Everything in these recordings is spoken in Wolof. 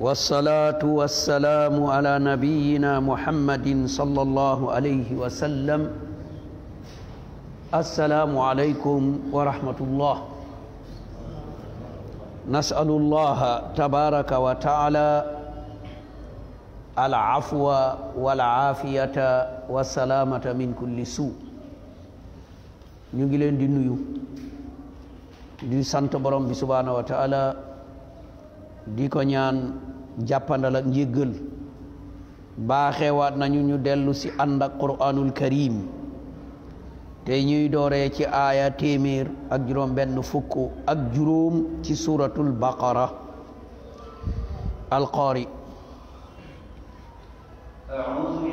والصلاة والسلام على نبينا محمد صلى الله عليه وسلم السلام عليكم ورحمة الله نسأل الله تبارك وتعالى العفو والعافية والسلامة من كل سوء نجلين ngi leen di nuyu di sant borom di ñaan jàppandal ak njéggal baaxewaat nañu ñu dellu ci ànd quraanul karim te ñuy doore ci aaya téeméer ak juróom benn fukk ak juróom ci suuratul baqara alqaari a'uuzu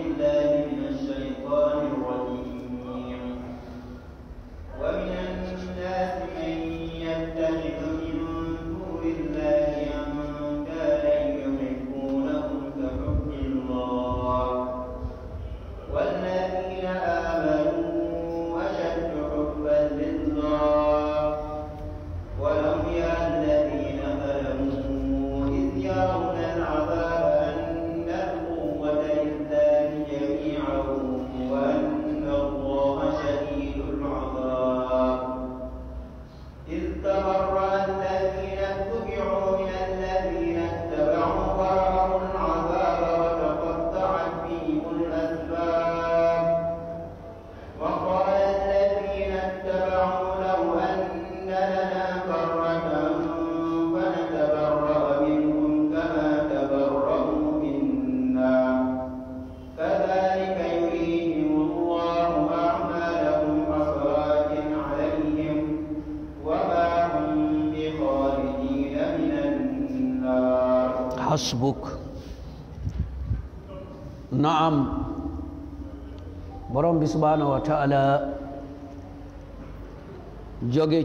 borom bi subhaanahu wa taala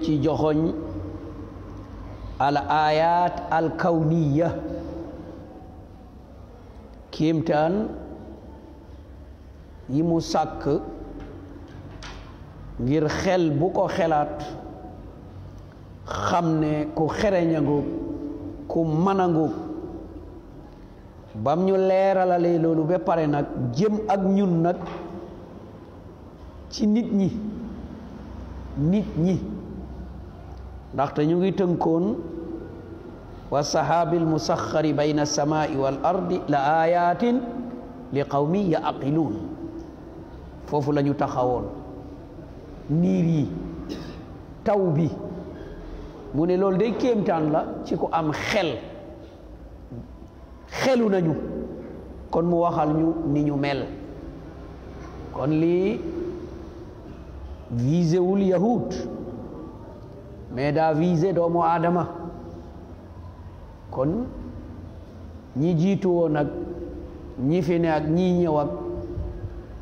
ci joxoñ al ayat al kawniya kiimtaan yi mu sàkk ngir xel bu ko xelaat xam ne ku xereñ a ku mën a ngóog bam ñu leeralale loolu ba pare nag jëm ak ñun nag ci nit ñi nit ñi ndaxte ñu ngi tënkoon wa saxaabi almusaxari bayna alsamaai wal ardi la ayatin li qawmi yaqiluun foofu la ñu taxawoon niir yi taw bi mu ne loolu day kéemtaan la ci ku am xel xelu nañu kon mu waxal ñu ni ñu mel kon lii visé wul mais daa visé doomu aadama kon ñi jiitu nag ak ñi fi ne ak ñi ñëw ak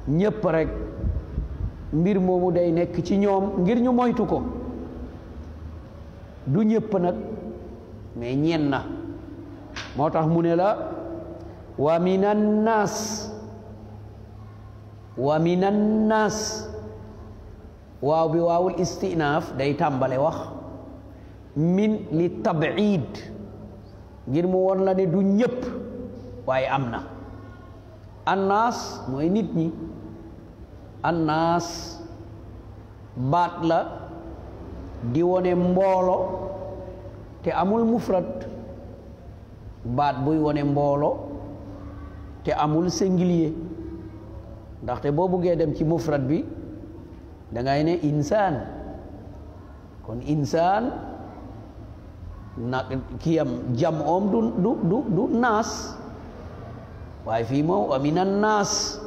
ñépp rek mbir moomu day nekk ci ñoom ngir ñu moytu ko du ñépp nag mais ñen na moo tax mu ne la wa minan naas wa minan naas waaw bi waawul istinaaf day tàmbale wax min li tabiid ngir mu won la ne du ñëpp waaye am na annaas mooy nit ñi la di te amul mufrad bat buy wone mboolo te amul singulier ndaxte boo buggee dem ci mufrad bi ini insan kon insan nak kiam jam om du du du, du nas wa fi aminan nas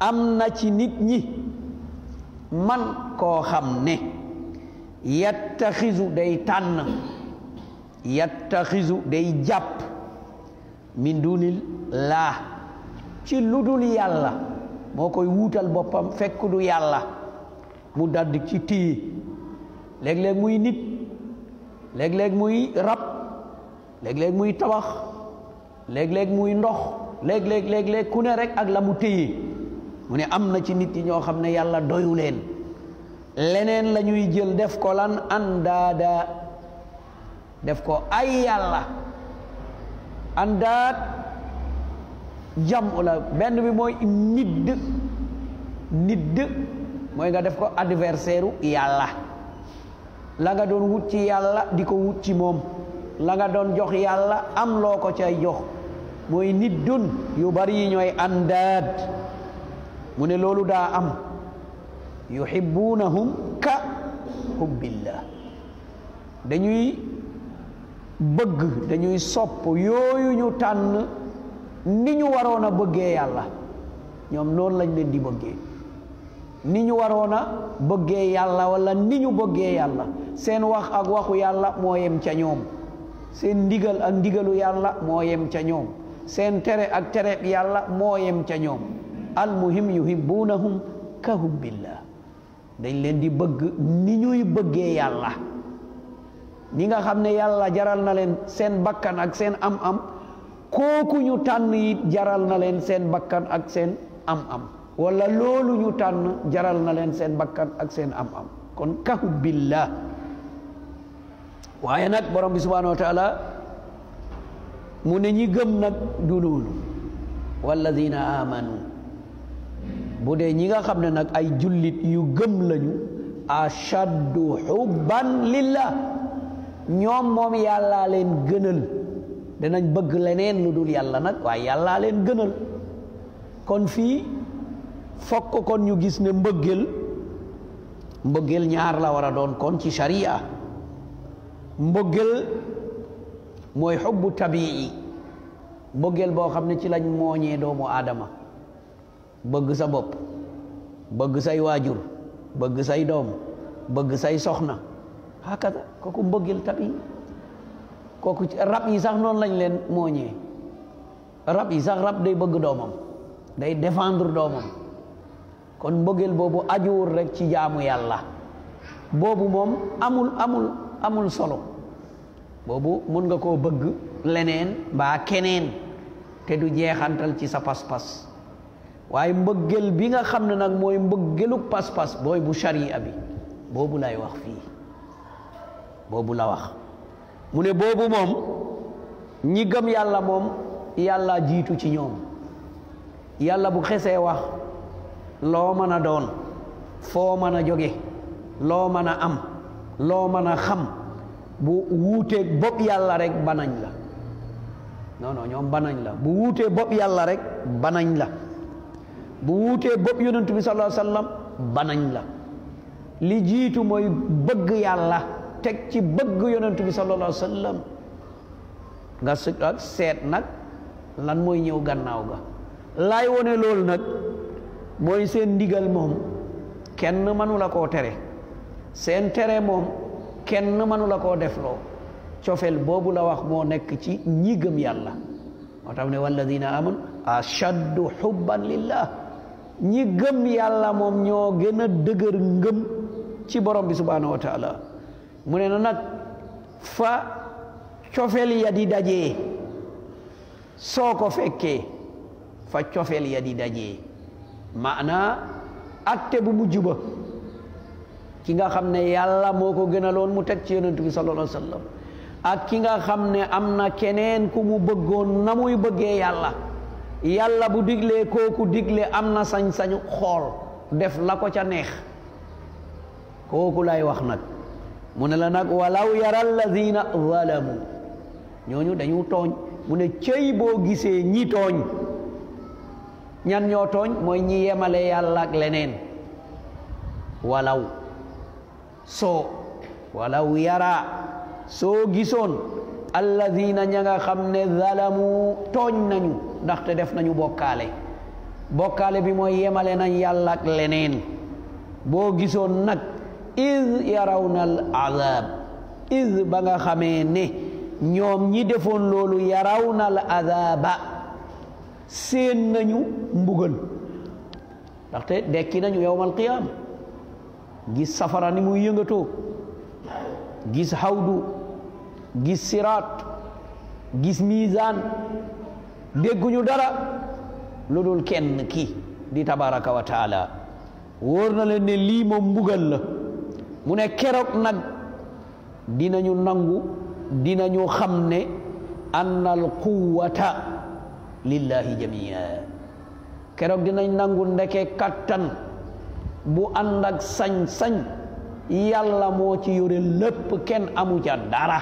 am na ci nit ñi man koo xam ne yattaxisu day tànn yattaxisu day jàpp min dunil la ci ludul moo wutal bopam boppam fekk du yàlla mu daldi ci nip leg-leg muy nit leg-leg muy rab leg-leg muy tabax leg-leg muy ndox léeg-léeg léeg-léeg ku rek ak la mu téye mu ne am na ci nit yi ñoo xam ne doyu jël def ko lan def ko ay jam la benn bi mooy nidd nidd mooy nga def ko adversaire yàlla la nga doon wut ci yàlla di ko wut ci moom la nga doon jox yàlla am loo ko cay jox mooy niddun yu bari yi ñooy àndaad mu ne loolu daa am yuhibbunahum ka hubbillah dañuy bëgg dañuy sopp yooyu ñu tànn Ninyu warona begeyalla, nyom nol yàlla ñoom loolu lañ leen di wala ninyu begeyalla. bëggee yàlla seen wax ak waxu yàlla moo yem ca ñoom seen ndigal ak ndigalu yàlla moo yem ca ñoom seen tere ak tereeb yàlla moo yem ca ñoom almuhim yuhibbunahum ka hubbillah dañ leen di bëgg ni ñuy nga jaral na leen seen bakkan ak seen am-am kooku ñu tànn it jaral na leen seen bakkan ak seen am-am wala loolu tànn jaral na leen seen bakkan ak seen am-am kon kahu billah waaye nag borom bi subhanahu wa taala mu ne ñi gëm nag du loolu walladina amanu bu dee ñi nga xam ne nag ay jullit yu gëm lañu ashaddu xubban lillah ñoom moom yàllaa leen gënal dinañ bëgg leneen lu dul yàlla nag waaye yàllaa leen gënal kon fii fokk kon ñu gis ne mbëggeel mbëggeel ñaar la war a doon kon ci sharia mbëggeel mooy xubbu tabii mbëggeel boo xam ne ci lañ mooñee doomu aadama bëgg sa bopp bëgg say waajur bëgg say doom bëgg say soxna hakada kooku mbëggeel tabii kooku rab yi sax noonu lañ leen moo ñee rab yi sax rab day bëgg doomam day défendre doomam kon mbëggeel boobu ajuwul rek ci jaamu yàlla boobu moom amul amul amul solo boobu mun nga koo bëgg leneen baa keneen te du jeexantal ci sa pas-pas waaye mbëggeel bi nga xam ne nag mooy mbëggeelu pas-pas booy bu sharia bi boobu lay wax fii boobu la wax mu ne boobu moom ñi gëm yàlla moom yàlla jiitu ci ñoom yàlla bu xesee wax loo mën a doon foo mën a jóge loo mën a am loo mën a xam bu wuuteeg bopp yàlla rek banañ la non non ñoom la bu wuutee bopp yàlla rek banañ la bu wuutee bopp yonent bi banañ la li jiitu mooy bëgg yàlla teg ci bëgg yonentu bi sallallahu alayhi wa sallam nga su seet nag lan mooy ñëw gannaaw ga lay wone lool nag mooy seen ndigal moom kenn mënu la koo tere seen tere moom kenn mënu la koo def defloo cofeel boobu la wax moo nekk ci ñi gëm yàlla moo tax ne walladina amanu ashaddu xubban lillah ñi gëm moom ñoo gën a dëgër ngëm ci borom bi subhanahu wa taala mune ne fa cofeel ya di dajee soo ko fa cofeel ya di dajee maanaa atte bu mujj ba ki nga xam ne yàlla moo ko mu teg ci sallallahu ak ki nga amna kenen kumu na keneen ku mu bëggoon na muy bëggee yàlla bu diglee kooku digle amna na sañ-sañu xool def la ko ca neex kooku lay wax mu ne la nag walaw yara alladina zalamu ñooñu dañu tooñ mu ne cëy boo gisee ñi tooñ ñan ñoo tooñ mooy ñi yemale yàlla leneen walaw soo walaw yara soo gisoon alladina ña nga xam ne zalamu tooñ nañu ndaxte def nañu bokkaale bokkaale bi mooy yemale nañ yàlla ak leneen boo gisoon nag iz yarawnal azab iz ba nga xamee ne ñoom ñi defoon loolu yaraw yarawnal azaba seen nañu mbugal ndaxte dekki nañu yowmal qiyaama gis safara ni muy yëngatoo gis xawdu gis siraat gis miisaan dégguñu dara lu dul kenn ki di tabaraka wa taala na leen ne lii moom mbugal la mune kerok keroog nag dinañu nangu dinañu xam ne annal al quwwata lillahi jamia keroog dinañ nangu ndeke kattan bu andak ak sañ-sañ yàlla moo ci yore lépp kenn amu ca dara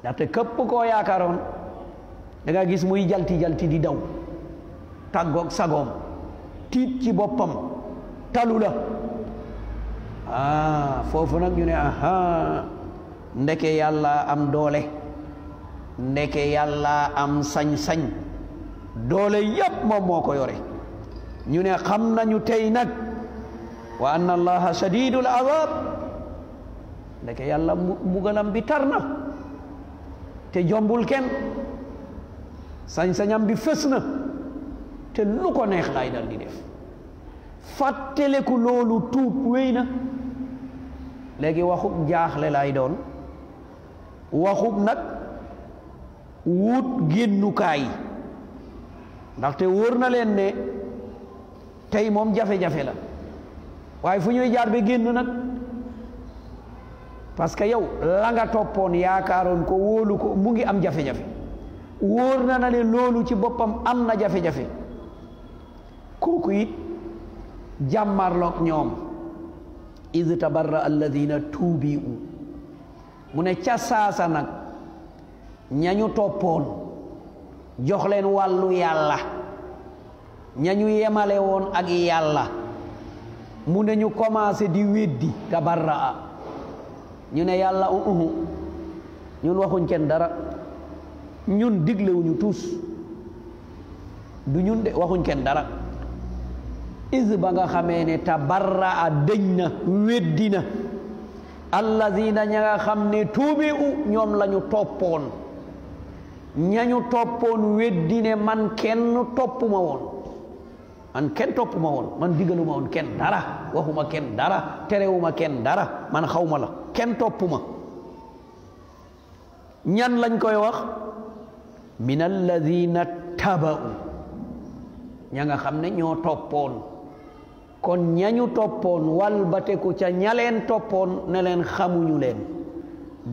ndaxte képp koo yaakaaroon da nga gis muy jalti jalti di daw tàggoog sagoom tiit ci boppam talula. ah foofu nag ñu ne aha ndeke yàlla am doole ndeke yàlla am sañ-sañ doole yépp moom moo ko yore ñu ne xam nañu tey nag wa anna allaha shadidul azab ndeke yàlla mbugalam bi tar na te jombul kenn sañ-sañam bi fës na te lu ko neex lay dal di def fàtteleku loolu tuub wéy na léegi waxub jaaxle lay doon waxub nag wut génnukaay ndaxte wóor na leen ne tey moom jafe-jafe la waaye fu ñuy jaar ba génn nag parce que yow la nga toppoon yaakaaroon ko wóolu ko mu ngi am jafe-jafe wóor na na ne loolu ci boppam am na jafe-jafe kooku it jàmmarloog ñoom iz tabarra alladina tuubiu mu ne ca saasa nag ñañu toppoon jox leen wàllu yàlla ñañu yemale woon ak yàlla mu ne ñu commencé di weddi tabarraa ñu ne yàlla uhu uh, ñun waxuñ kenn dara ñun diglewuñu tuus du ñun de waxuñ kenn dara is ba nga xamee ne tabarra a dëñ na weddi na allazina ña nga xam ne tuube u ñoom la toppoon ñañu toppoon weddi ne man kenn toppuma woon man kenn toppuma woon man digaluma woon kenn dara waxuma kenn dara terewuma kenn dara man xawma la kenn toppuma ñan lañ koy wax min allazina taba'u ña nga xam ne ñoo toppoon kon ñañu toppoon walbateku ca ñaleen toppoon ne leen xamuñu leen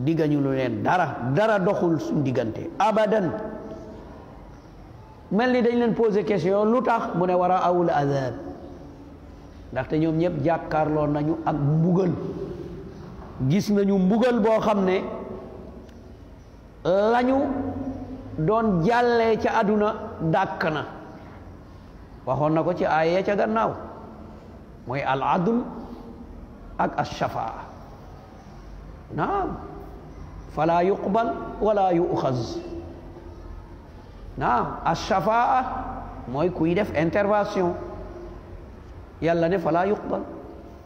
diggañu lu leen dara dara doxul suñ diggante abadan mel ni dañ leen posé question lu tax mu ne war a awul azab ndaxte ñoom ñëpp jàkkaarloo nañu ak mbugal gis nañu mbugal boo xam ne lañu doon jàllee ca àdduna dàkk na waxoon na ko ci aaya ca gannaaw mooy al adl ak al shafaa naam fala yuqbal wala yuxaz naam al shafaa mooy kuy def intervention yàlla ne fala yuqbal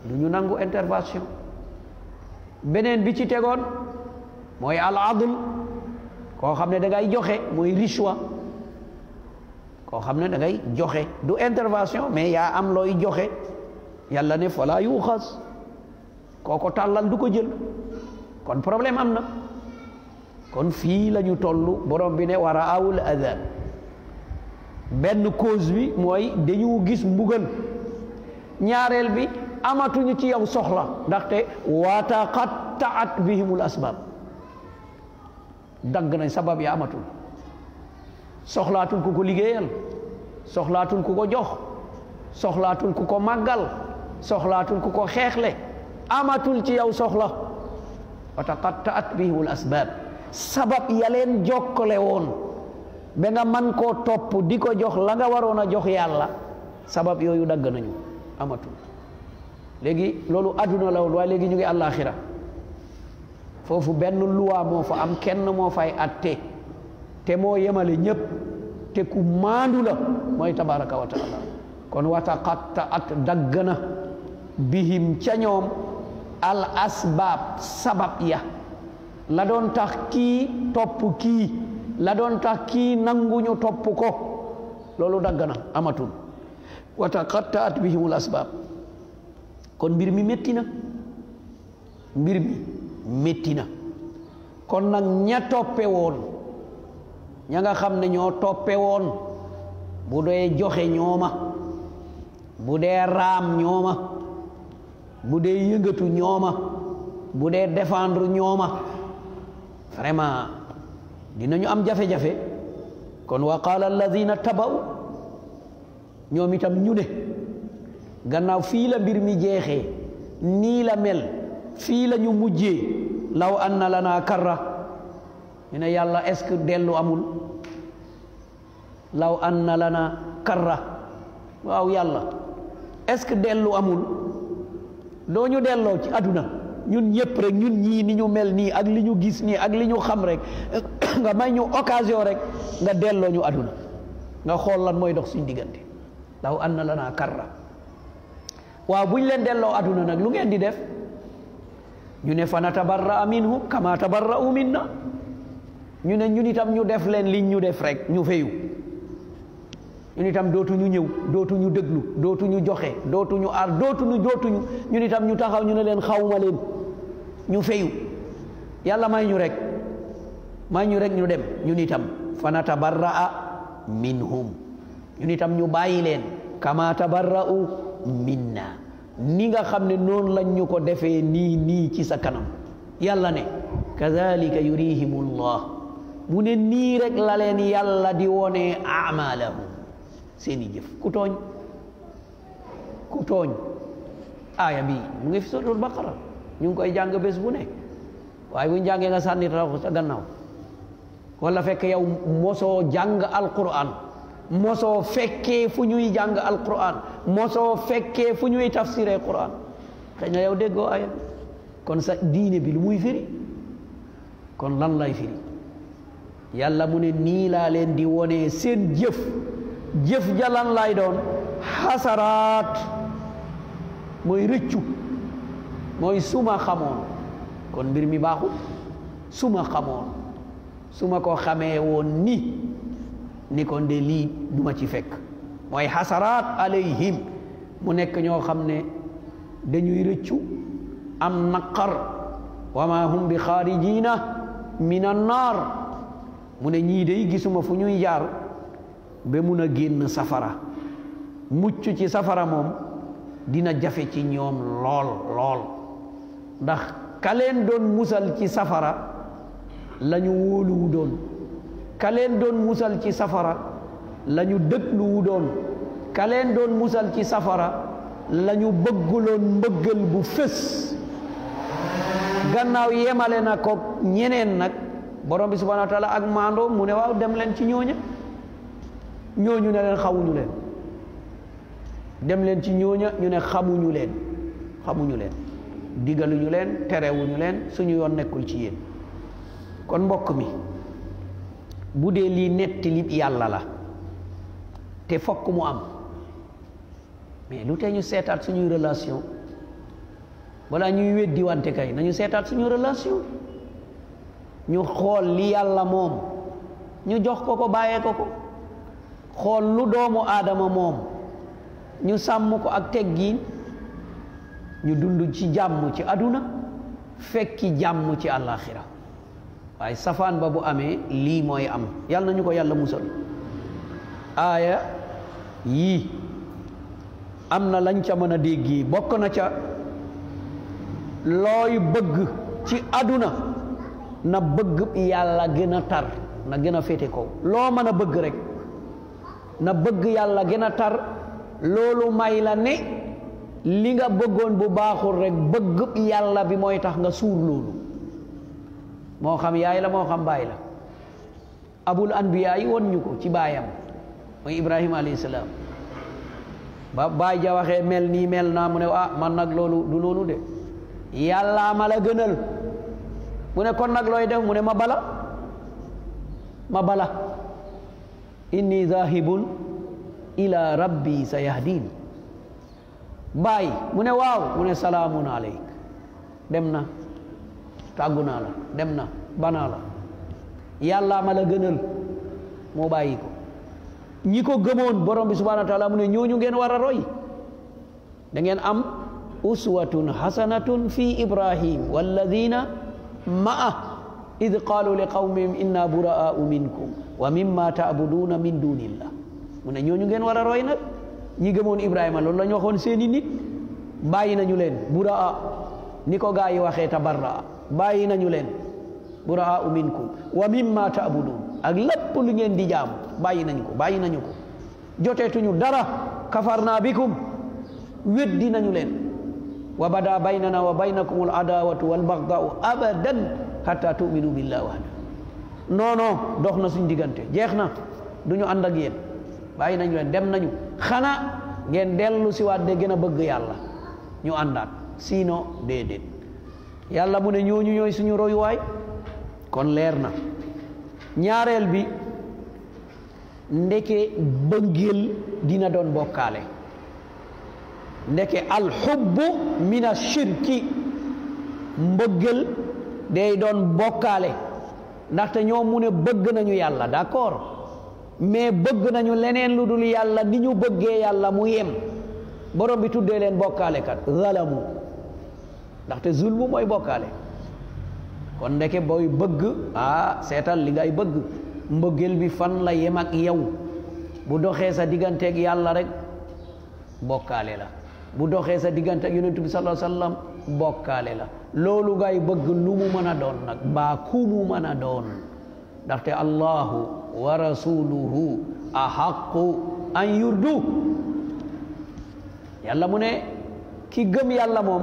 du ñu nangu intervention beneen bi ci tegoon mooy al adl koo xam ne da ngay joxe mooy rishwa koo xam ne da ngay joxe du intervention mais yaa am looy joxe Yalla ne fala yuxas kooko tàllal du ko jël kon problème amna? kon fii la ñu borom bi ne wara awul adan benn cause bi mooy dañu gis mbugal ñaareel bi amatuñu ci yow soxla te wataqattaat bihimul asbab dagg nañ sabab ya amatul soxlaatul ku ko liggéeyal soxlaatul ku ko jox soxlaatul ku ko màggal soxlaatul ku ko xeexle amatul ci yow soxla wa taqattaat bihimul asbaab sabab ya leen jokkale woon ba nga man koo topp di ko jox la nga waroon a jox yàlla sabab yooyu dagg nañu amatul léegi loolu adduna la woon waaye léegi ñu ngi àllaaxira foofu benn luwaa moo fa am kenn moo fay atte te moo yemale ñépp te ku maandu la mooy tabaraka wa taala kon wa taqattaat dagg na bihim ca al asbab sabab iya, ladon taki tax kii topp kii la doon tax kii nanguñu topp ko loolu dagg na kon birmi mi birmi metina. mi kon nang ña toppe woon ña nga xam ne ñoo toppe woon bu bu dee yëngatu ñooma bu dee défendre ñooma vraiment dinañu am jafe-jafe kon wa qaala alladina tabaw ñoom itam ñu ne gannaaw fii la mbir mi jeexee nii la mel fii lañu ñu mujjee law anna lana karra ñu ne yàlla est-ce que dellu amul law anna lana karra waaw yàlla est dellu amul doo ñu delloo ci àdduna ñun ñëpp rek ñun ñii ni ñu mel nii ak li ñu gis nii ak li ñu xam rek nga may ñu occasion rek nga delloo ñu àdduna nga xool lan mooy dox suñ diggante law an na lanaa karra waaw buñ leen delloo àdduna nag lu ngeen di def ñu ne fa natabarraa bar kama tabarra'u minna ñu ne ñun itam ñu def leen li ñu def rek ñu feyu ñun itam dootuñu ñëw dootuñu déglu dootuñu joxe dootuñu aar dootuñu dootuñu ñun itam ñu taxaw ñu ne leen xawma leen ñu feyu yàlla may ñu rek may ñu rek ñu dem ñun itam fana tabarra'a minhum ñun itam ñu bàyyi leen kama tabarra'u minna ni nga xam ne noonu lañ ñu ko defee nii nii ci sa kanam yàlla ne kadhalika yurihimullah mu ne nii rek la leen yàlla di wone amalahum seeni jëf ku tooñ ku tooñ aaya bi mu ngi fi suratul baqara ñu ngi koy jàng bés bu ne waaye buñ jàngee nga sànni raxu sa gannaaw wala fekk yow mosoo jàng alquran mosoo fekkee fu ñuy jàng alquran mosoo fekkee fu ñuy tafsiree quran xëy yow déggoo aaya bi kon diine bil muy firi kon lan lay firi yàlla mu ne nii leen di wonee seen jëf jëf jalan lay doon xasaraat mooy rëccu mooy suma xamoon kon mbir mi baaxul suma xamoon suma ko xamee woon ni ni kon de lii duma ci fekk mooy xasaraat alayhim mu nekk ñoo xam ne dañuy rëccu am naqar wa ma hum bi min an naar mu ne ñii day gisuma fu ñuy jaar ba mun a génn safara mucc ci safara moom dina jafe ci ñoom lool lool ndax kaleen doon musal ci safara lañu wóoluwu doon kaleen doon musal ci safara lañu dëgluwu doon kaleen doon musal ci safara lañu bëgguloon mbëggal bu fés gannaaw yemale na ko ñeneen nag borom bi subhanahu wa ak maandoo mu ne waaw dem leen ci ñooña ñooñu ne leen xamuñu leen dem leen ci ñooña ñu ne xamuñu leen xamuñu leen digaluñu leen terewuñu leen suñu yoon nekkul ci yéen kon mbokk mi bu dee lii nettali yàlla la te fokk mu am mais lu tee ñu seetaat suñuy relation balaa ñuy weddi wante kay nañu seetaat suñu relation ñu xool li yàlla moom ñu jox ko ko bàyyee ko ko xool lu doomu aadama moom ñu sàmm ko ak teggiin ñu dund ci jàmm ci aduna fekki jàmm ci àllaaxira waaye safaan ba bu amee lii mooy am yàlla na ñu ko yàlla musal aaya yii am na lañ ca mën a dégg bokk na ca looy bëgg ci aduna na bëgg yàlla gën a tar na gën a féete kaw loo mën a bëgg rekk na bëgg yàlla gën a tar loolu may la ne li nga bëggoon bu baaxul rek bëgg yàlla bi mooy tax nga suur loolu moo xam yaay la moo xam baay la abul anbiya yi won ñu ko ci baayam mooy ibrahima alayhi salaam ba baay ja waxee mel nii mel naa mu ne ah man nag loolu du loolu de yàllaa ma la gënal mu ne kon nag looy de mu ne ma bala ma bala Inni zahibun ila rabbi sayahdini. Bye. Mune wow, mune salamun alaik. Demna, tagunala. Demna, banala. la dem na banaa la yàlla ma la gënal moo bàyyi ko ñi borom bi subhanahu wa taala ngeen roy da ngeen am uswatun hasanatun fi ibrahim walladina ma'ah. إذ قالوا لقومهم إنا براء منكم ومما تعبدون من دون الله من نيو نيغن ورا روينا نيغي مون إبراهيم لول لا نيوخون سيني نيت باي نانيو لين براء نيكو غاي واخي تبرا باي نانيو لين براء منكم ومما تعبدون اك لب لي نين دي جام باي نانيو باي نانيو جوتيتو نيو دارا كفرنا بكم ودي نانيو لين وبدا بيننا وبينكم العداوه والبغضاء ابدا xatta tuminu billahi wahda non dox na suñ diggante jeex na du ñu ànd ak yéen bàyyi nañ leen dem nañu xanaa ngeen dellu si waat de gën a bëgg yàlla ñu àndaat sinon déedéet yàlla mu ne ñooñu ñooy suñu royuwaay kon leer na ñaareel bi ndeke bëggeel dina doon bokkaale ndeke alxubbu min ashirki mbëggeel day doon bokkaale ndaxte ñoo mu ne bëgg nañu yàlla d'accord mais bëgg nañu leneen lu dul yàlla ni ñu bëggee yàlla mu yem borom bi tuddee leen bokkaale kat zalamu ndaxte zulmu mooy bokkaale kon ndeke booy bëgg ah seetal li ngay bëgg mbëggeel bi fan la yem ak yow bu doxee sa digganteeg yàlla rek bokkaale la bu doxee sa diggante yonent bi sallallahu alayhi wa bokkaale la loolu ngay bëgg lu mu mën a doon nag mbaa ku mu a doon ndaxte allahu wa rasuluhu ahaqu an yurdu yàlla mu ne ki gëm yàlla moom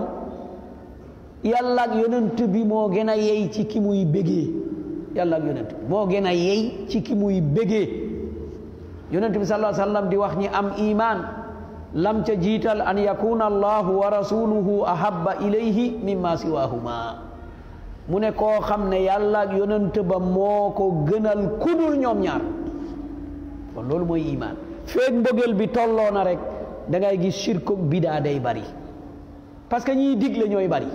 yàlla ak yonent bi moo gën a yey ci ki muy bégee yàlla ak moo gën a yey ci ki muy bégee yonent bi sallallahu wa sallam di wax ni am iman lam tajital an yakuna Allah wa rasuluhu ahabba ilayhi mimma siwahuma Mune ne koo xam ne yàlla ak yonent ba moo ko gënal kudul ñoom ñaar kon loolu mooy iman feeg mbëggeel bi tolloo na rek da ngay gis shirk bidaa day bari parce que ñiy digle ñooy bari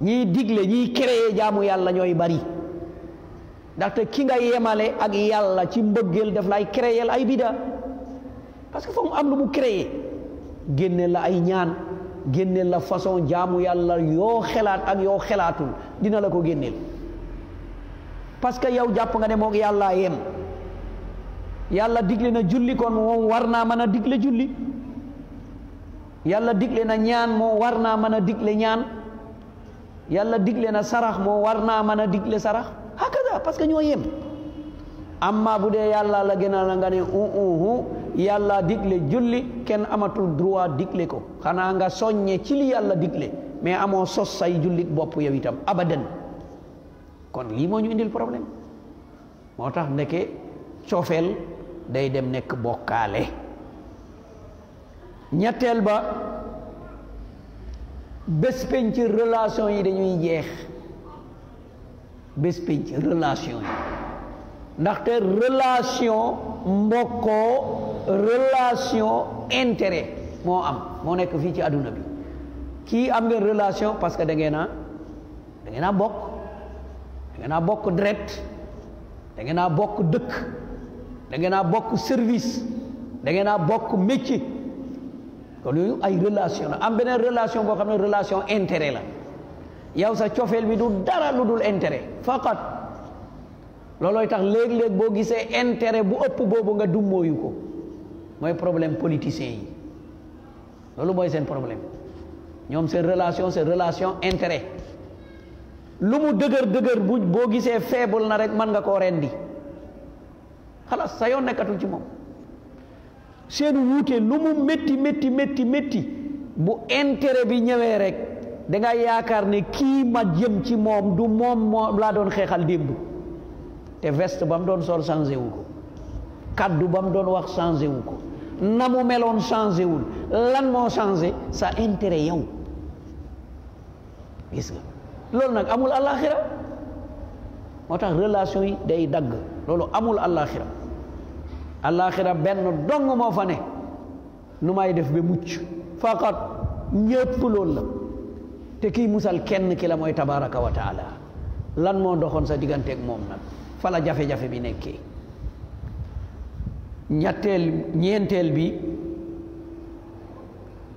ñiy digle ñiy créé jaamu yàlla ñooy bari ndaxte ki nga yemale ak yàlla ci mbëggeel daf lay créel ay bida parce que fa mu am lu mu créé génne la ay ñaan génne la façon jaamu yàlla yoo xelaat ak yoo xelaatul dina la ko génneel parce que yow jàpp nga ne moog yàlla yem yàlla na julli kon mo warna naa mën a digle julli yàlla na ñaan mo warna mana dikle a digle ñaan yàlla na sarax mo warna mana dikle sarah? digle sarax hakaza parce que ñoo yem amma bu yalla yàlla la gënal nga ne uh uh yàlla digle julli kenn amatul droit digle ko xanaa nga soññe ci li yàlla digle mais amoo sos say jullit bopp yow itam abadan kon lii moo ñu indil problème moo tax ndeke cofeel day dem nekk bokkaale ñetteel ba bés penc relation yi dañuy jeex bés penc relation yi ndaxte relation mbokkoo relation intéret moo am moo nekk fii ci àdduna bi kii am ngeen relation parce que da ngeen a bokk da bokk direct da ngeen bokk dëkk da ngeen bokk service da ngeen bokk métier kon yooyu ay relation la am beneen relation boo xam ne relation intérêt la yow sa cofeel bi du dara lu dul intérêt faqat loolooy tax léeg-léeg boo gisee intérêt bu ëpp boobu nga dummóoyu ko moy problème politicien yi loolu moy sen problème ñom seen relation seen relation intérêt lu mu deuguer dëgër bu bo gisee faible na rek man nga ko rendi xalaas sa yoon nekkatul ci moom seen wuute lu mu metti métti métti métti bu intérêt bi ñëwé rek da nga yaakar ne ki ma jëm ci mom du mom mo la doon xéxal démb te veste bam doon sol changé wu ko kaddu bam doon wax changé wu ko na mu meloon changé wul lan moo changé sa intérêt yow gis nga loolu nag amul àllaaxira moo tax relation yi day dagg loolu amul àllaaxira àllaaxira benn dong moo fa ne nu may def ba mucc faqat ñëpp loolu la te kii musal kenn ki la mooy tabaraka wa lan moo doxoon sa digganteeg moom nag fa la jafe-jafe bi nekkee ñetteel ñeenteel bi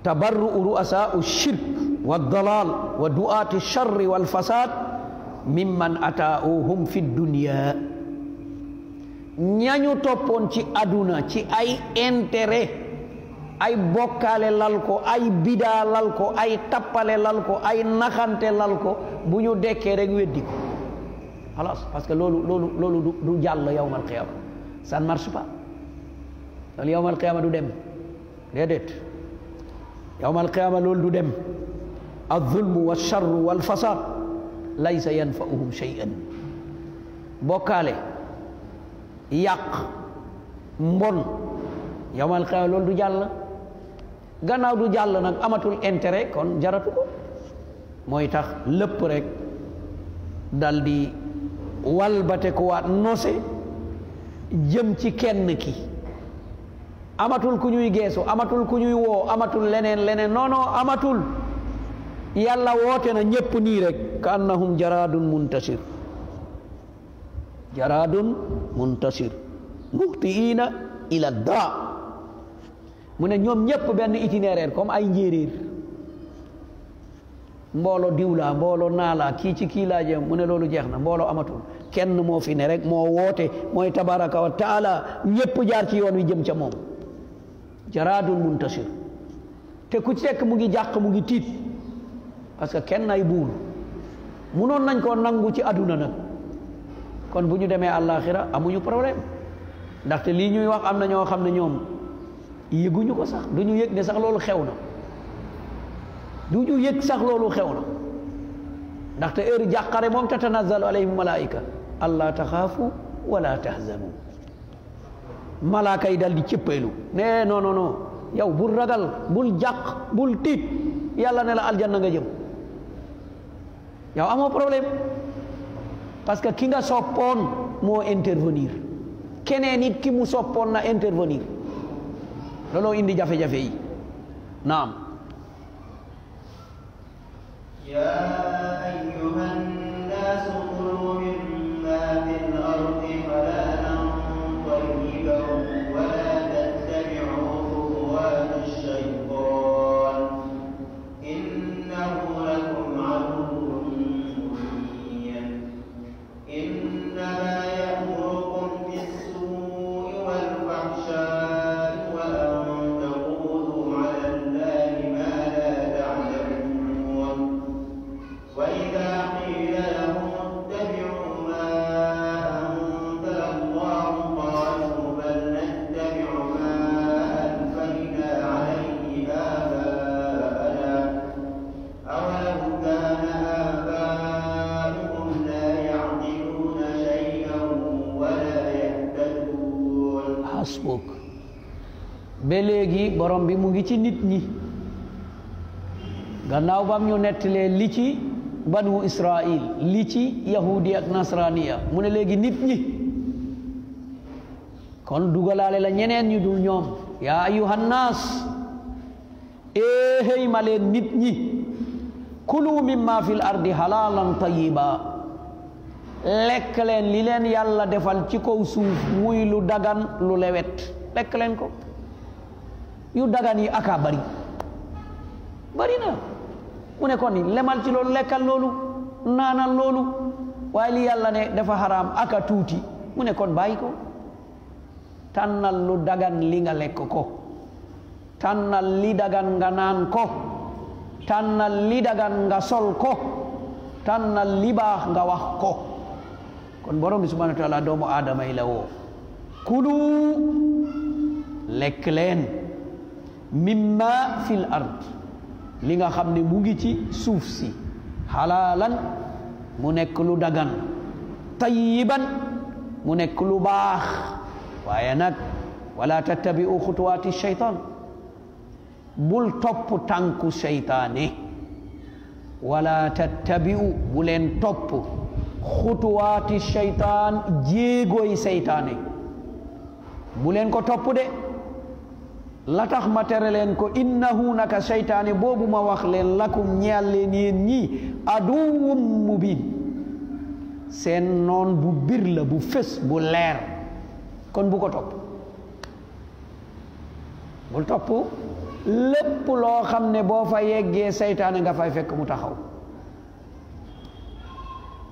tabarru ru'asa u shirk wa dalal wa du'aati charri wal fasad mimman ataauhum fi dunya ñañu toppoon ci aduna ci ay intere ay bokkaale lal ko ay bidaa lal ko ay tappale lal ko ay naxante lal ko bu ñu dekkee rek weddi ko xalaas parce que loolu loolu du jàll yawmal qiyaama al yawmal qiyaama du dem déedéet yawmal qiyaama loolu du dem al zulmu wa charru wal fasaad laysa yanfa'uhum shay'an bokkaale yàq mbon yawmal qiyaama loolu du jàll gannaaw du jàll nag amatul intérêt kon jaratu ko mooy tax lépp rek dal di walbatekuwaat nose jëm ci kenn ki amatul ku ñuy geesu amatul ku ñuy woo amatul leneen leneen nono amatul yàlla woote na ñépp nii rek ka annahum jaradun muntasir jaradun muntasir muhtiina ila daa mu ne ñoom ñépp benn itinéraire comme ay njéeréer mboolo diwla mboolo naalaa kii ci kii mu ne loolu jeex na mboolo amatul kenn moo fi ne rek moo woote mooy tabaraka wa taala ñépp jaar ci yoon wi jëm ca moom jaraadul muntasir te ku ci mu ngi jàq mu ngi tiit parce que kenn ay buur munoon nañ koo nangu ci àdduna nag kon bu ñu demee àllaaxira amuñu problème ndaxte lii ñuy wax am na ñoo xam ne ñoom yëguñu ko sax du ñu yëg ne sax loolu xew na du ñu yëg sax loolu xew na ndaxte heure jàqare moom tatanazzalu alayhim malaika allaa taxaafu wala tahzanu malaaka yi dal di cëppeelu nee non non non yow bul ragal bul jàq bul tiit yàlla ne la aljanna nga jëm yow amoo problème parce que ki nga soppoon moo intervenir keneen it ki mu soppoon na intervenir looloo indi jafe-jafe yi naam. borom bi mu ngi ci nit ñi gannaaw bam ñu nettalee li ci banu israil li ci yahudi ak nasraniya mu ne léegi nit ñi kon dugalaale la ñeneen ñu dul ñoom yaa ayuhan naas éehëy nit ñi kulu mimma fil ardi halalan tayiba lekk leen li yàlla defal ci kaw suuf muy lu dagan lu lewet lekk ko yuddaga ni aka bari barina mu ne ko ni lemal ci loolu lekkal loolu naanal loolu waaye li ne dafa haram aka tuuti mu ne kon bàyyi tanal tànnal lu dagan li nga lekk ko tanal li dagan nga naan ko tànnal li dagan nga sol ko li nga wax ko kon borom bi subhanahu wa taala doomu aadama kudu leklen. mimma fil ard li nga xam ne mu ngi ci suuf si xalaalan mu nekk lu dagan tayiban mu nekk lu baax waaye nag wala tattabiu xutuwaati shaytaan bul topp tànku shaytaane wala tattabiu bu leen topp xutuwaati shaytaan jéegoy seytaane bu leen ko topp de la tax ma tere ko innahu naka seytaane bobu ma wax leen lakum ñeel leen yéen ñii aduwum mubin sen non bu bir la bu bu kon bu ko topp bul topp lépp loo xam ne boo fa yeggee seytaane nga fay fekk mu taxaw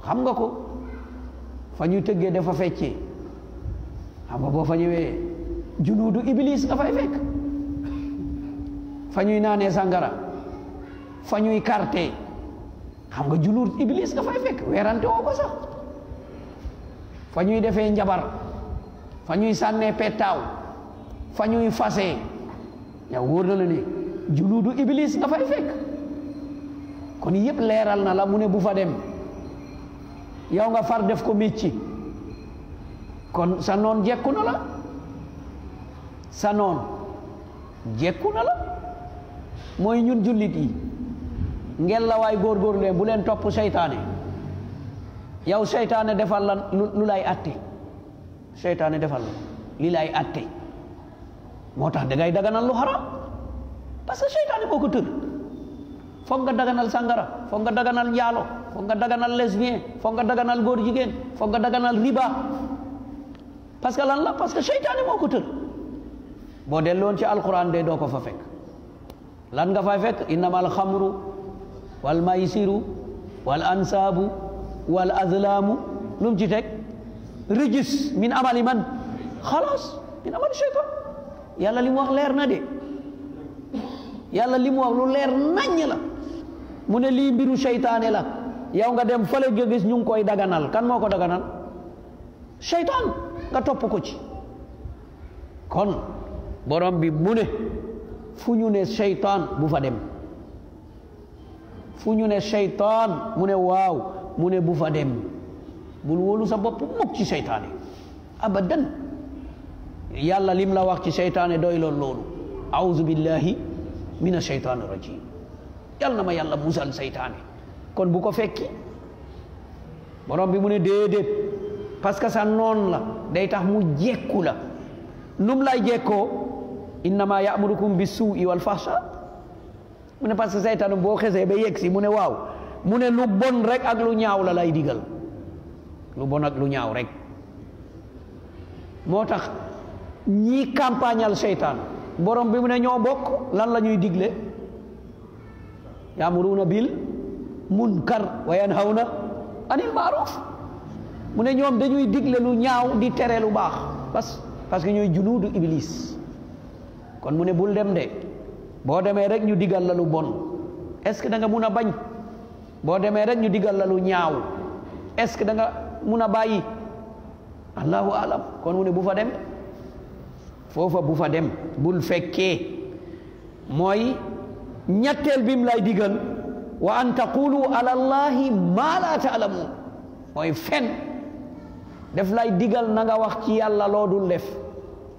xam nga ko fa ñu dafa feccee xam nga boo fa ñëwee junuudu iblis nga fay fekk fa ñuy naanee sàngara fa xam nga julur iblis nga fay fekk weerante woo ko sax fa ñuy defee njabar fa ñuy sànnee pettaaw fa ñuy fasee na la ne juludu iblis nga fay fekk kon yépp leeral na la mu bu fa dem yow nga far def ko mécci kon sa noon jekku na la sa noon jekku la mooy ñun jullit yi ngelawaay góor leen bu leen topp seytaane yow seytaane defal la lu lay atte seytaane defal la li lay atte moo tax dangay daganal lu xaram parce que seytaane boo ko tër foog nga daganal sàngara foog nga daganal njaalo foog nga daganal lesbien foog nga daganal góor jigéen foog nga daganal riba parce que lan la parce que seytaane moo ko tër boo delloon ci alquran de doo ko fa fekk lan nga fay fekk innamal xamru wal maysiru wal ansabu wal azlamu lum ci rijis min amali man xalaas min amali shaytan yàlla li mu wax leer na de yàlla li mu wax lu leer naññ la mbiru la nga dem fële nga gis ñu koy daganal kan moko daganal shaytaan nga topp ko ci kon borom bi fu ñu ne seytaan bu fa dem fu ñu ne seytaan mu ne waaw mu ne bu fa dem bul wolu sa bopp mukk ci seytaane abadan yàlla lim la wax ci seytaane doy loolu loolu auzu billahi mina seytaani rajim yàlla na ma yàlla musal seytaane kon bu ko fekki borom bi mu ne déedéet parce que sa noon la day tax mu jekku la num lay jekkoo innama ya'murukum bisu wal fahsha mu ne parce que seytaanu boo xesee ba lu bon rek ak lu ñaaw la lay digal lu bon ak lu ñaaw rek moo tax ñii campagnal seytaan borom bi mu ñoo lan ya'muruna bil munkar wa yanhawna anil ma'ruf mu ne ñoom dañuy digle lu ñaaw di tere lu baax parce parce que ñooy junuudu iblis kon mune bul dem de bo demee rek ñu digal lalu bon est ce que da nga mun a bañ boo demee rek ñu digal lalu lu ñaaw est ce da nga allahu alam kon mune bu fa dem foofa bu fa dem bul fekkee mooy ñetteel bim lay digal wa an taqulu ala allahi ma la taalamun moy fen def lay digal na nga wax ci dul def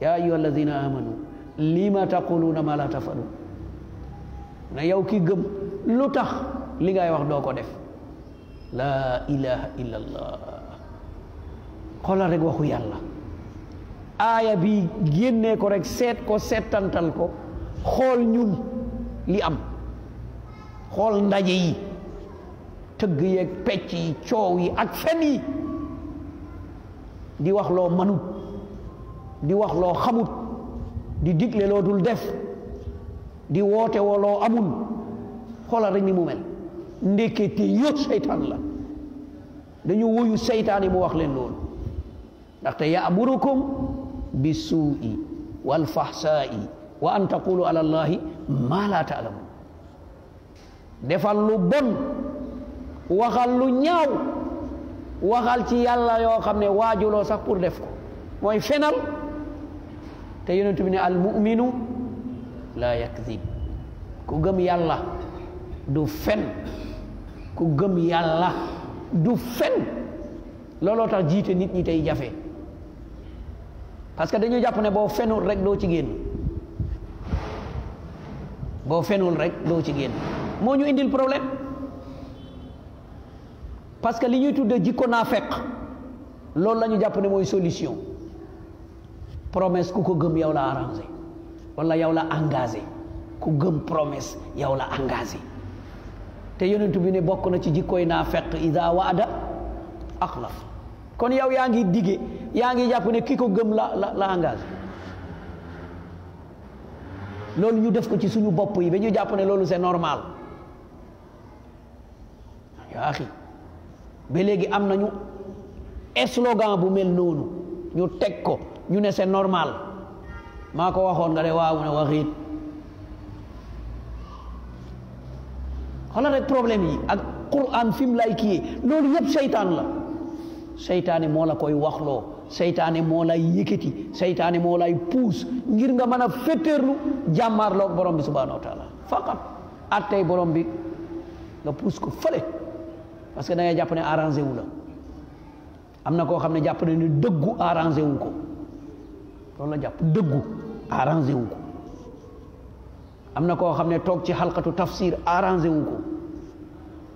ya ayuha alladina amanu lima taquluuna ma la tafaluun na yow ki gëm lu tax li ngay wax doo ko def laa ilaha illa allah xoolal rek waxu yàlla aaya bi génnee ko rekk seet ko seetantal ko xool ñun li am xool ndaje yi tëgg yeeg pecc yi coow yi ak fen yi di wax loo manut di wax loo xamut di digle lo dul def di woote woloo amul xoolal rek ni mu mel ndekete yo shaytan la dañu woyu shaytan yi mu wax len lool ndax yaamurukum ya'murukum bisu'i wal fahsa'i wa an taqulu ala allahi ma la taalamun defal lu bon waxal lu ñaaw waxal ci yàlla yo xamné wajulo sax pour def ko moy fenal te yonent bi ne al muminu laa yakzib ku gëm yàlla du fen ku gëm yàlla du fen looloo tax jiite nit ñi tey jafe parce que dañu jàpp ne boo fenul rek doo ci génn boo fenul rek doo ci génn moo ñu indil problème parce que li ñuy tudde jikko naa fekk loolu la jàpp ne mooy solution promesse ku ko gëm yow la arrangé walla yow la engagé ku gëm promesse yow la engagé te yonentu bi ne bokk na ci jikkooy naa fekk ida waada axlaf kon yow yaa ngi digge yaa ngi jàpp ne ki ko gëm la la loolu ñu def ko ci suñu bopp yi ba ñu jàpp ne loolu c'est normal yaa axi ba léegi am nañu slogan bu mel noonu ñu teg ko ñu ne c'est normal maa ko waxoon nga ne waaw ne waxiit xoolal rek problème yi ak quran fi mu lay kiyee loolu yëpp seytaan la seytaane moo la koy waxloo seytaane moo lay yëkkati seytaane moo lay puus ngir nga mana a jamar jàmmaarloo borom bi subhanahu wa taala faqat attey borom bi nga puus ko fële parce que da ngay jàpp ne arrangé wu la na koo ni wu ko loolu la jàpp dëggu arrangé wu ko am na koo xam ne toog ci xalqatu tafsir arrangé wu ko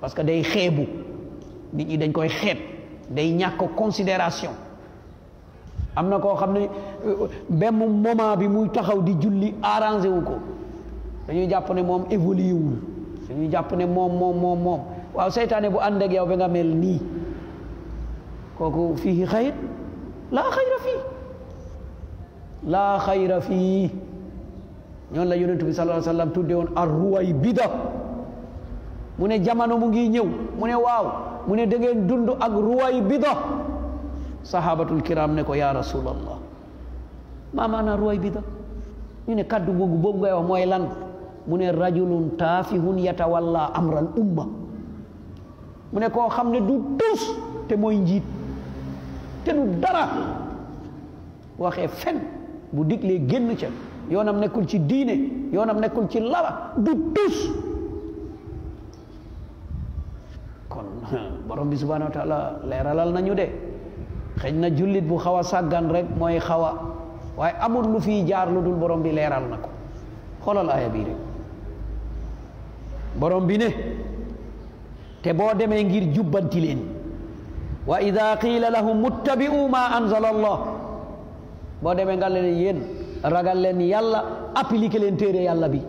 parce que day xeebu nit ñi dañ koy xeeb day ñàkk considération am na koo xam ne benn euh, moment bi muy taxaw di julli arrangé wu ko dañuy jàpp ne moom évolué wul dañuy jàpp ne moom moom moom waaw seytaane bu ànd ak yow ba nga mel nii kooku fii xayr laa xayra fii laa xayra fii ñoon la yonentu bi sallallahu alayhi wa sallam tudde woon ar ruway bida mu ne jamono mu ngi ñëw mu ne waaw mu ne da ngeen dund ak ruway bida sahabatul kiram ne ko ya rasulallah maa maana ruway ñu ne kaddu googu boobu ngay wax mooy lan mu ne rajulun taafihun yatawalla amral umma mu ne koo xam ne du tus te mooy njiit te du dara waxee fen bu diglee génn ca yoonam nekkul ci diine yoonam nekkul ci lala du tus kon borom bi subhanahu wa taala leeralal nañu de xëy na jullit bu xaw a sàggan rek mooy xaw a waaye amul lu fiy jaar lu dul borom bi leeral na ko xoolal aaya bii rek borom bi ne te boo demee ngir jubbanti leen wa ida qiila lahum muttabi'u ma anzala allah boo demee nga leen yéen ragal leen yàlla appliquer leen téere yàlla bi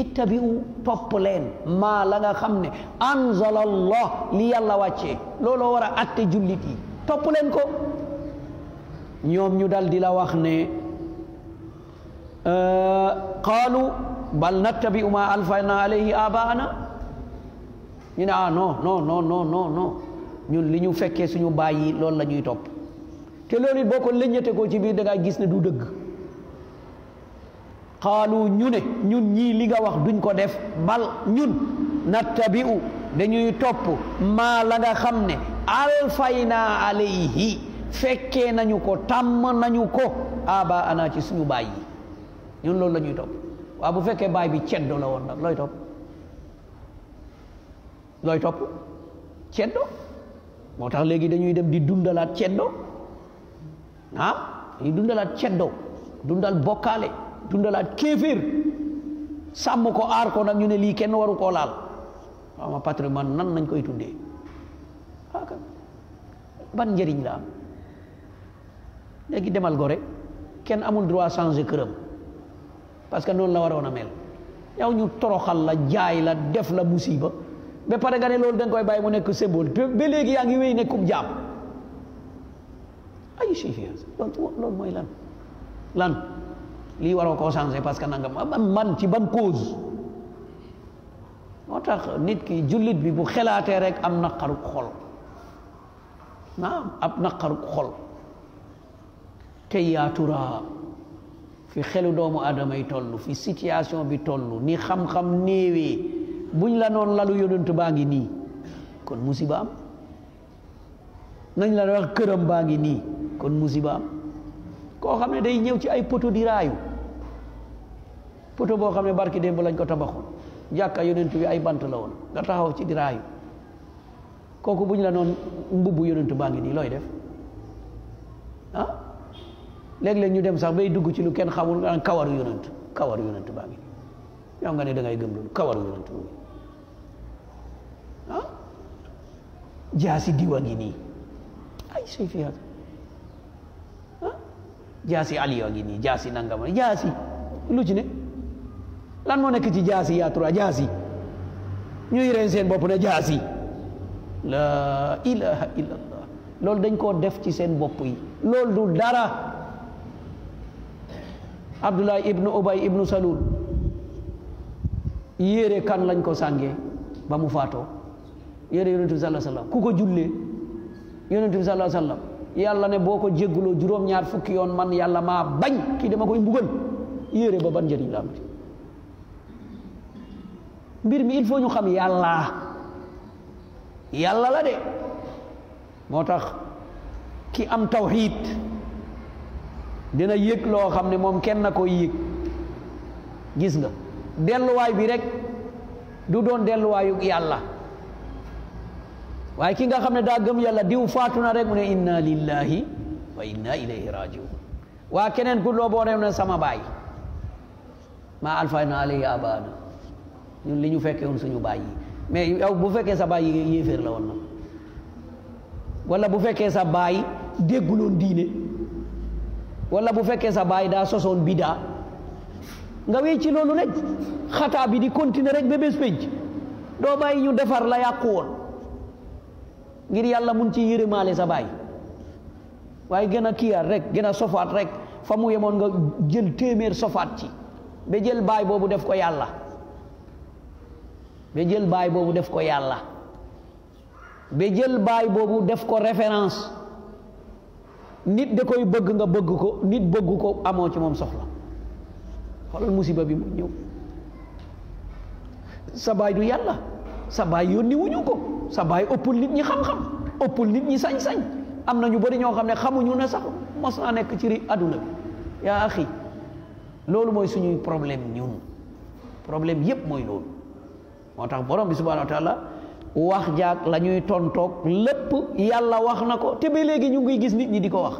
ittabi'u topp leen maa la nga xam ne anzala li yàlla wàcce looloo war a atte jullit yi topp leen ko ñoom ñu dal di la wax ne euh, qaalu bal nattabi'u ma alfayna alayhi abaana ñu ne ah non non non non non ñun li ñu fekkee suñu baay yi loolu la ñuy topp te loolu it boo ko lëññate koo ci biir da ngaa gis ne du dëgg xaalu ñu ne ñun ñii li nga wax duñ ko def bal ñun nattabi'u dañuy topp maa la nga xam ne alfaynaa yi fekke nañu ko tàmm nañu ko aba ana ci suñu baay yi ñun loolu lañuy ñuy topp waaw bu fekkee baay bi ceddo la woon nag looy topp looy topp ceddo moo tax léegi dañuy dem di dundalaat ceddo ah dañuy dundalaat ceddo dundal bokkaale dundalaat kéeféer sàmm ko aar ko nag ñu ne lii kenn waru koo laal waaw ma nan nañ koy tuddee ah, ban njëriñ la am léegi demal gore kenn amul droit changer këram parce que noonu la waroon a mel yow ñu toroxal la jaay la def la musiba ba pare nga ne loolu da koy bàyyi mu nekk symbole ba léegi yaa ngi wéy nekkum jaam أي شيء في هذا لون mooy lan lan lii waroo koo changé parce que nangam man ci ban cause moo tax nit ki jullit bi bu xelaatee rek am naqaruk xol naam ab naqaruk xol tey yaa turaa fi xelu doomu aadama yi fi situation bi toll ni xam-xam néewee buñ la noon lalu yonent baa ngi kon musiba am nañ la wax këram baa ngi kon musiba ko kami xam ne day putu ci ay poto di raayu poto boo xam barki démb lañ ko tabaxoon jàkka ya, yonent bi ay bant la woon nga taxaw ci di raayu kooku buñ la noon mbubb yonent ya baa ngi nii def ah léeg-léeg ñu dem sax bay dugg ci lu kenn xamul nga kan kawaru yonent ya kawaru yonent baa yow nga ne da ngay gëm ah jaasi diwa ngi nii ay sey fi jaasi Aliou a ngi nii jaasi nangam jaasi lu ci ne lan moo nekk ci jaasi yaa tura jaasi ñuy reen seen bopp ne jaasi la ilaha illallah loolu dañ koo def ci seen bopp yi du dara Abdullah ibnu Ubay ibnu Salul yére kan lañ ko sàngee ba mu faatoo yére yonentu bi sallallahu ko jullee yonentu yàlla ne boo ko jégguloo juróom-ñaar fukki yoon man yàlla maa bañ kii dama koy mbugal yére ba ban njëriñ la am mbir mi il faut ñu xam yàlla yàlla la de moo tax kii am tawxiid dina yëg loo xam ne moom kenn na koy yëg gis nga delluwaay bi rek du doon delluwaayu yàlla waaye ki nga xam ne daa gëm yàlla diw faatu na rek mu ne inna lillahi wa inna ilayhi rajiun waa keneen ku loo boo dem ne sama baay maa alfayna alayhi abaana ñun li ñu fekkee woon suñu baay yi mais yow bu fekkee sa baay yi yéeféer la woon na wala bu fekkee sa baay dégguloon diine wala bu fekkee sa baay daa sosoon bidaa nga wéy ci loolu rek xataa bi di continuer rek ba bés penc doo bàyyi ñu defar la yàqu woon ngir Allah mun ci yërëmaale sa baay waaye gën a rek gën sofat rek fa mu yemoon nga jël téeméer sofaat ci ba jël baay boobu def ko yàlla ba jël baay boobu def ko yàlla ba jël baay boobu def ko référence nit da koy bëgg nga bëgg ko nit bëgg ko amoo ci moom soxla xoolal musiba bi mu ñëw sa baay du yalla sa baay yónni wuñu ko sa bàyyi ëppul nit ñi xam-xam ëppul nit ñi sañ-sañ am na ñu bëri ñoo xam ne xamuñu ne sax mos naa nekk ci aduna bi yaa axi loolu mooy suñuy problème ñun problème yépp mooy loolu moo tax borom bi subhanahu wa taala wax jaag wax te ñu ngi gis nit ñi di ko wax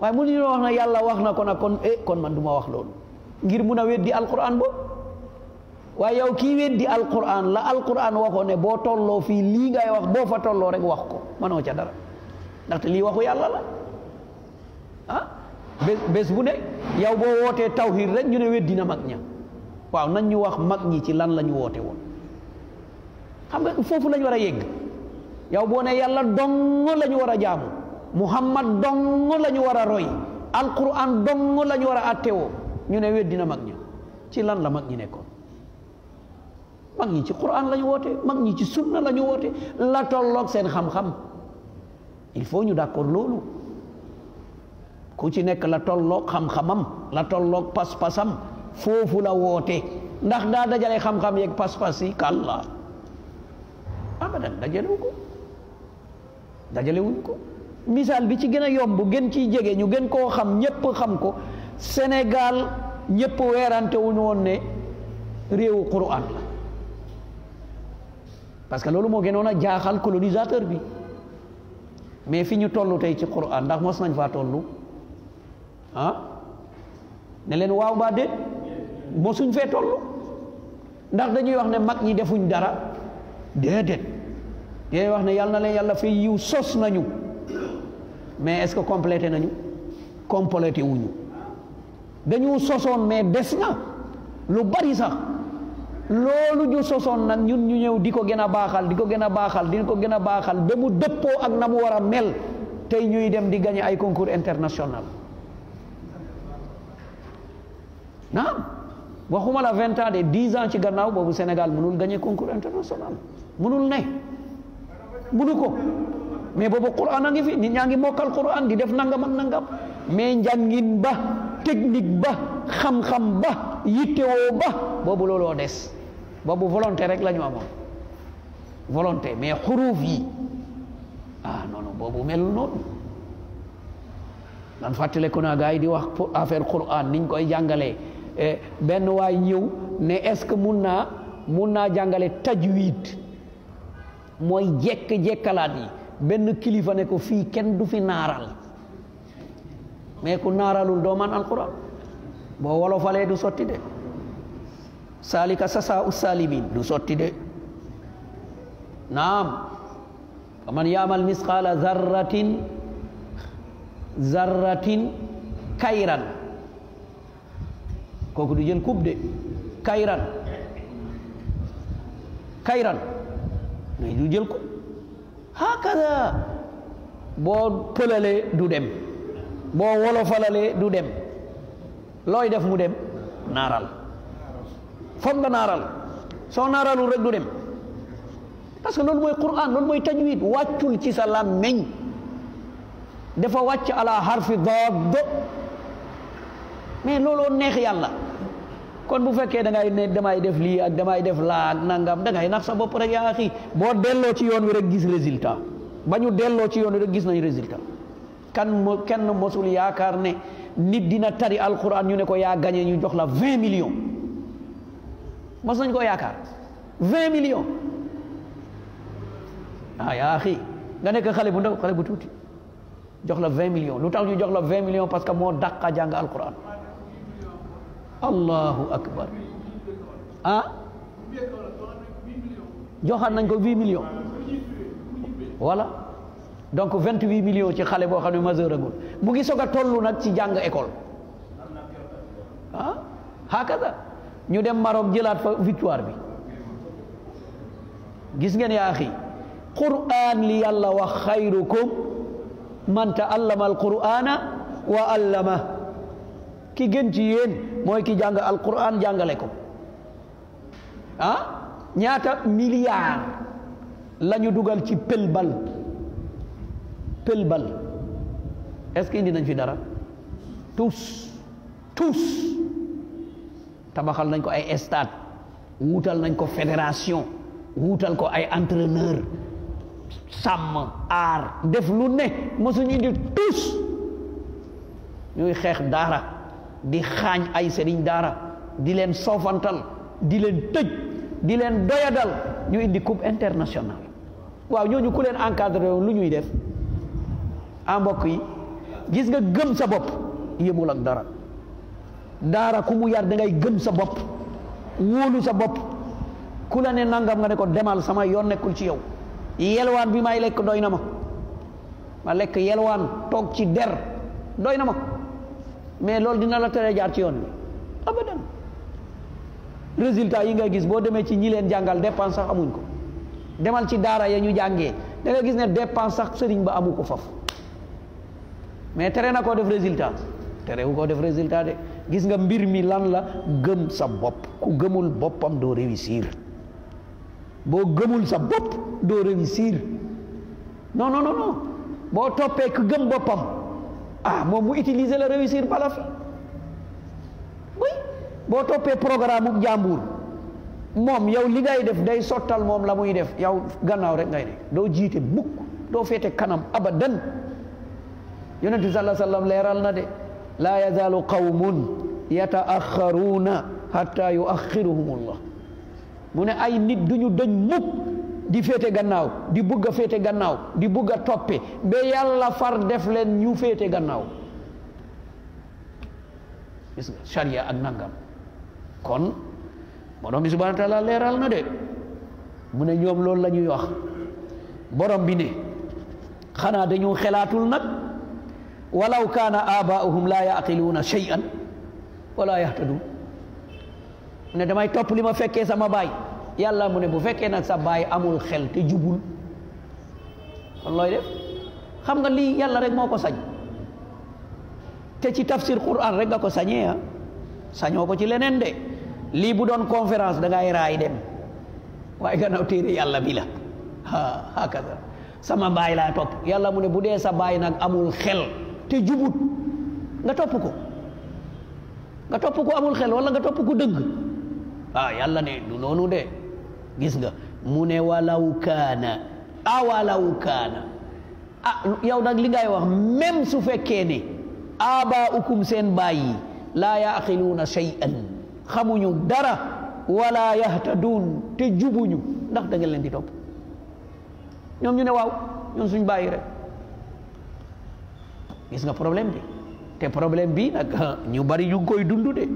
waaye mënuñu wax na yàlla wax na kon eh kon man du wax loolu ngir mun a weddi alquran wa yow kii weddi alquran la alquran waxoon ne botol lofi Liga ya ngay wax boo fa tolloo rek wax ko mënoo ca dara ndaxte lii waxu yàlla la ah bés bés bu ne yow boo wootee tawhid rek ñu ne weddi na mag ña waaw nañ ñu wax mag ñi ci lan la ñu woote woon xam nga foofu lañ war a yegg yow ne dong la ñu jaamu muhammad dong la nyuara roy alquran dong la ñu war a attewoo ñu ne weddi na mag ña ci lan la mag ñi nekkoon mag ci quran lañu wote mag ñi ci sunna lañu wote la tolok sen xam xam il faut ñu d'accord lolu ku ci nek la tolok xam xamam la tolok pas pasam fofu la wote ndax da jale xam xam yek pas pas yi kala abadan dajale ko dajale wuñ ko misal bi ci gëna yomb gën ci jégué ñu gën ko xam ñepp xam ko senegal ñepp wérante wuñ won né réewu qur'an la parce que loolu moo gënoon a jaaxal colonisateur bi mais fi ñu toll tey ci Quran ndax mos nañ faa toll ah ne leen waaw mbaa déet mosuñ fee toll ndax dañuy wax ne mag ñi defuñ dara déedéet dañuy wax ne yàlla na leen yàlla fay yiw sos nañu mais est-ce que complété nañu complété wuñu dañu sosoon mais des na lu bari sax loolu ju sosoon nag ñun ñu ñëw di ko gën a baaxal di ko gën a baaxal di ko gën a baaxal ba mu dëppoo ak na mu war a mel tey ñuy dem di gagné ay concours international naam waxuma la vingt ans de dix ans ci gannaaw boobu Sénégal mënul gagné concours international mënul ne mënu ko mais boobu Quran a ngi fi nit ñaa ngi mokkal Quran di def nangam ak nangam mais njàngin ba technique ba xam-xam ba yittewoo ba boobu looloo des boobu volonté rek la ñu amoon volonté mais xuruuf yi ah non non boobu melul noonu man fàttaliku naa gars yi di wax affaire Qur'an niñ koy jàngalee eh, benn waay ñëw ne est-ce que mun naa mun naa jàngale tajwid mooy jekk jekkalaat yi benn kilifa ne ko fii kenn du fi naaral. mais ku naaralul doo man alquran boo wolofalee du sotti de saalika sasaa u du sotti de naam fa man yaamal misqaala zarratin zarratin kayran kooku du jël kub de kayran kayran mais du jël kub hakada boo pëlalee du dem boo wolofalalee du dem looy def mu dem naaral foog nga naaral soo naaralul rek du dem parce que loolu mooy Qur'an loolu mooy tajwid wàccul ci sa làmmiñ dafa wàcc ala harfi daad mais looloo neex yàlla kon bu fekkee da ngay ne damay def lii ak damay def laa nangam da ngay nax sa bopp rek yaa xii boo delloo ci yoon wi rek gis résultat ba ñu delloo ci yoon wi rek gis nañ résultat kan mo kenn mosul yaakaar ne nit dina tari alquran ñu ne ko yaa gañe ñu jox la vingt millions mos nañ koo yaakaar vingt millions ah yaa xii nga nekk xale bu ndaw xale bu tuuti jox la vingt millions lu tax ñu jox la vingt millions parce que moo dàqa jàng alquran allahu akbar ah joxaat nañ ko huit millions voilà donc 28 millions ci xalé bo xamné majeur agul mu ngi soga tollu nak ci jang école ah hakaza ñu dem maroc jëlat fa victoire bi gis ngeen ya akhi qur'an li yalla wa khairukum man ta'allama al-qur'ana wa 'allama ki gën ci yeen moy ki jang al-qur'an jangale ko ah ñaata milliard lañu dugal ci pel bal pël bal est-ce que indi nañ fi dara tous tous tabaxal nañ ko ay stade wuutal nañ ko fédération wuutal ko ay entraîneur sàmm aar def lu ne mosuñu indi tous ñuy xeex daara di xaañ ay sëriñ daara di leen soofantal di leen tëj di leen doyadal ñu indi coupe internationale waaw ñooñu ku leen encadré woon lu ñuy def ah mbokk yi gis nga gëm sa bopp yëmul ak dara daara ku mu yar da gëm sa bopp wóolu sa bopp ku la ne nangam nga ne ko demal sama yoon nekkul ci yow yelwaan bi may lekk doy na ma ma lekk yelwaan toog ci der doy na ma mais loolu dina la tere jaar ci yoon bi abadan résultat yi ngay gis boo demee ci ñi leen jàngal dépense sax amuñ ko demal ci daara ya ñu jàngee da gis ne dépense sax sëriñ ba amu ko faf mais tere na koo def résultat tere wu koo def résultat de gis nga mbir mi lan la gëm sa bopp ku gëmul boppam doo réussir boo gëmul sa bopp doo réussir non non boo toppee ku gëm boppam ah moom mu utiliser la réussir bala fi oui boo toppee programme jàmbur moom yow li ngay def day sottal moom la muy def yow gannaaw rek ngay ne doo jiite mukk doo féete kanam abadan yonent sallallahu alayhi wa sallam leeral na de laa yazaalu qawmun yataaxaruuna hatta yuaxiruhumullah mu ne ay nit ñu dëñ mukk di féete gannaaw di bugg féete gannaaw di bugg a toppe ba yàlla far def leen ñu féete gannaaw gis nga ak nangam kon borom bi subhanahu wa taala leeral na de mu ne ñoom loolu la ñuy wax borom bi ne xanaa dañu xelaatul nag walau kana aba'uhum la yaqiluna shay'an wala yahtadun ne damay topp li ma sama baay yàlla ya mu ne bu fekkee nag sa baay amul xel te jubul kon looy def xam nga lii yàlla rek moo sañ te ci tafsir quran rek nga ko sañee ah ya. sañoo ko ci leneen de lii bu doon conférence da ngay raay dem waaye gannaaw téere yàlla ya bi la ha hakaza sama baay laa top. yàlla mu ne bu dee sa baay nag amul xel te jubut nga topp ko nga topp ko amul xel wala nga topp ko dëgg ah yàlla ne du noonu de gis nga mu ne walaw kaana ah walaw kaana ah yow nag li ngay wax même su fekkee ne abaaukum seen baay la laa yaaqiluuna shay'an dara walla yahtaduun te jubuñu ndax da nga leen di topp ñoom ñu ne waaw ñoom suñ bàyyi rek gis nga problème bi te problème bi nak ñu bari ñu koy dund de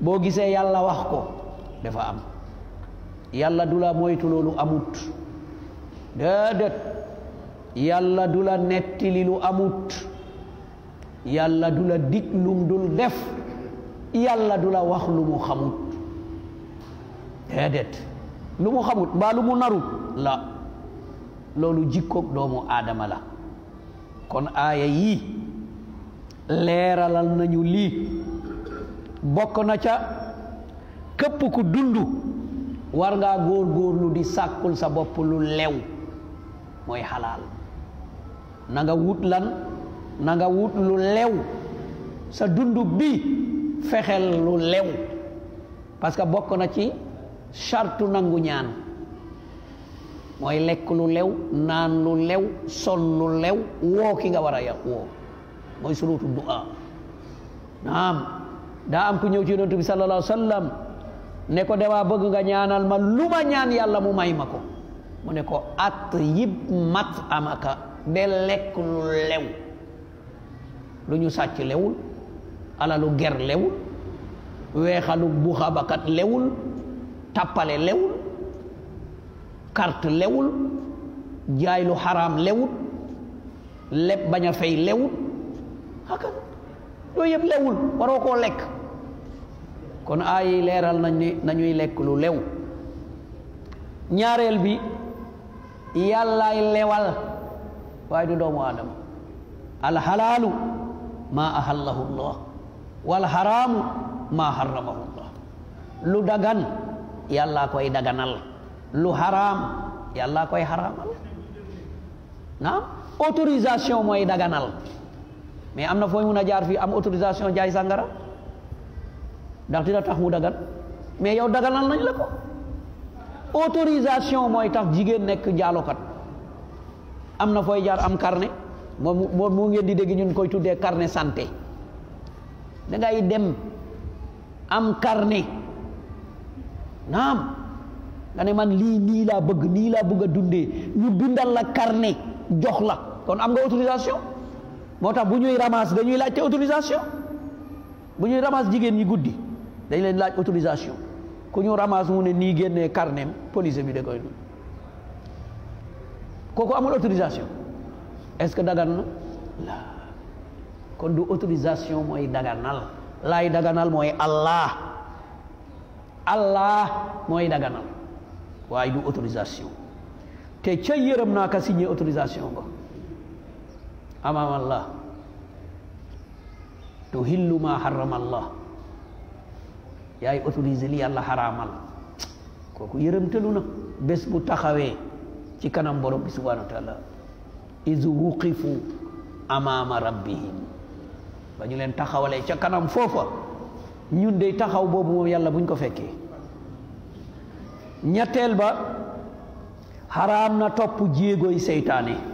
boo gisee yàlla wax ko dafa am yàlla du moytu amut dedet. yàlla dula la nettili amut yàlla dula la dig dul def yàlla dula la wax lu mu xamut déedéet lu mu xamut mbaa lu mu narut la loolu jikkoog doomu aadama la kon aaya leeralal nañu lii bokk na ca képp ku dund war ngaa góor góorlu di sàkkul sa bopp lu lew mooy xalaal nanga wut lan nanga wut lu lew sa dund bi fexel lu lew parce que bokk na ci sartu nangu ñaan mooy lekk lu lew naan lu lew sol lu lew woo ki nga war a woo mooy suruutu du'a naam daa am ku ñëw ci yonent bi sallallahu alayhi ne ko dewaa bëgg nga ñaanal ma lu ma ñaan yàlla mu may ma ko mu ne ko at yib mat amaka de lekk lu lew lu ñu sàcc lewul alalu ger lewul weexalu buxabakat lewul tappale lewul carte lewul jaay lu xaraam lewut leb bañ a fay lewut hakam do yeb lewul waro ko lek kon ay leral nañuy nañuy lek lu lew ñaarel bi yalla lewal way du doomu adam al halalu ma ahallahu allah wal haramu ma harramahu allah lu dagan yalla koy daganal lu haram yalla koy haramal na autorisation moy daganal mais am na fooy mun a jaar fii am autorisation jaay sàngara ndax dina tax mu dagan mais yow daganal nañ la ko autorisation mooy tax jigéen nekk jaalokat am na fooy jaar am carnet moom moom moo ngeen di dégg ñun koy tuddee karne sante dangay dem am carnet naam nga ne man lii nii laa bëgg nii laa bëgg a dundee ñu bindal la karne jox la kon am nga autorisation moo tax bu ñuy ramasse ñuy laajte autorisation bu ñuy ramasse jigéen ñi guddi dañ leen laaj autorisation ku ñu ramasse mu ne nii génnee carnet police bi da koy du kooku amul autorisation est-ce que dagan na kon du autorisation mooy daganal laay daganal mooy allah allah mooy daganal waaye du autorisation te ca yërëm naa ka signé autorisation ko amama allah tuhillu ma harrama allah yaay autorisé li yàlla xaraamal kooku yërëmtalu na bés bu taxawee ci kanam borom bi subhanahu wa taala iz wuqifu amaama rabbihim ba leen taxawalee ca kanam foofa ñun dey taxaw boobu moom yàlla buñ ko fekkee ñetteel ba xaraam na topp jéegoy seytaane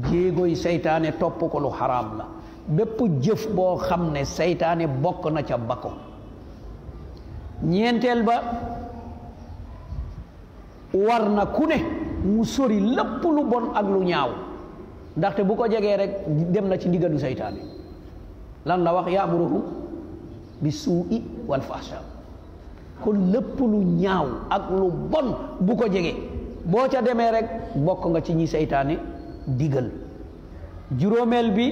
jéegoy seytaane topp ko lu xaraam la bépp jëf boo xam ne seytaane bokk na ca bako ñeenteel ba war na ku ne mu sori lépp lu bon ak lu ñaaw ndaxte bu ko jegee rek dem na ci ndigalu seytaane lan la wax yaamuruhum bi suui wal fahsha kon lépp lu ñaaw ak lu bon bu ko jegee boo ca demee rek bokk nga ci ñi seytaane digal juróomeel bi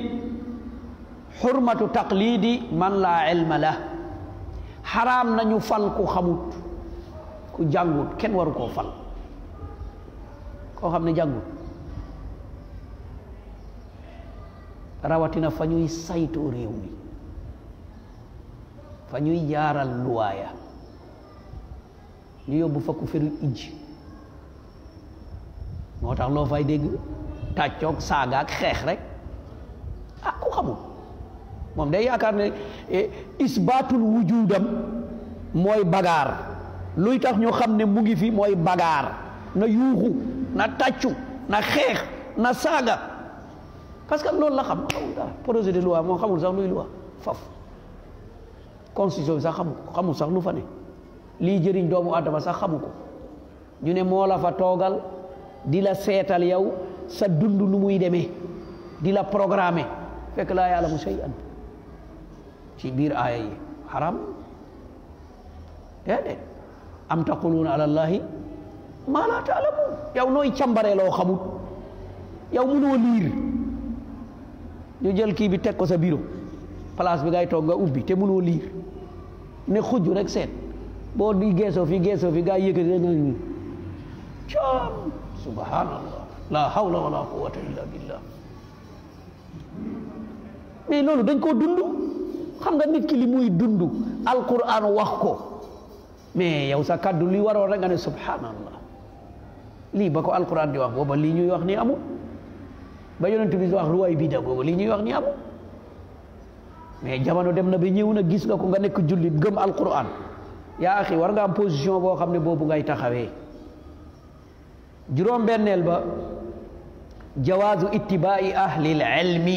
xurmatu taqlidi man laa ilma la xaraam nañu fal ku xamut ku jàngut kenn waru koo fal koo xam ne jàngut rawatina fa ñuy saytu réew mi fa ñuy jaaral luwaaya ñu yóbbu fa ku feru ij moo tax loo fay dégg tàccoog saagaak xeex rek ah ku xamul moom day yaakaar ne eh, isbaatul wujudam mooy bagaar luy tax ñu xam ne mu ngi fi mooy bagaar na yuuxu na tàccu na xeex na saaga parce que loolu la xam xamul dara projet de loi moom xamul sax luy loi faf constitution sax xamu ko xamul sax lu fa ne lii jëriñ doomu adama sax xamu ko ñu ne moo la fa toogal di la seetal yow sa dund nu muy demee di la programme fekk laa yàlla mu sey ci biir aaya yi xaram déedéet am taquluuna ala allahi maa laa taalamuun yow nooy càmbaree loo xamut yow mënoo liir ñu jël kii bi teg ko sa bureau place bi ngay toog nga ubbi te mënoo liir ne xuj rek seet boo i geesoo fi geesoo fi gaa yëkkati rek nga ñu coom subhanallah la hawla wala quwwata illa billah mais loolu dañ koo dund xam nga nit ki li muy dund alquran wax ko mais yow sa kàddu li waroon rek nga ne subhanallah lii ba ko alquran di wax booba lii ñuy wax ni amu ba yonent wax ruwaay bi da booba lii ñuy wax ni amul mais jamono dem na ba ñëw na gis nga ko nga nekk jullit gëm alquran yaa axi war nga am position boo xam ne boobu ngay taxawee juróom benneel ba jawaaju jawaazu ittibaai ahlil ilmi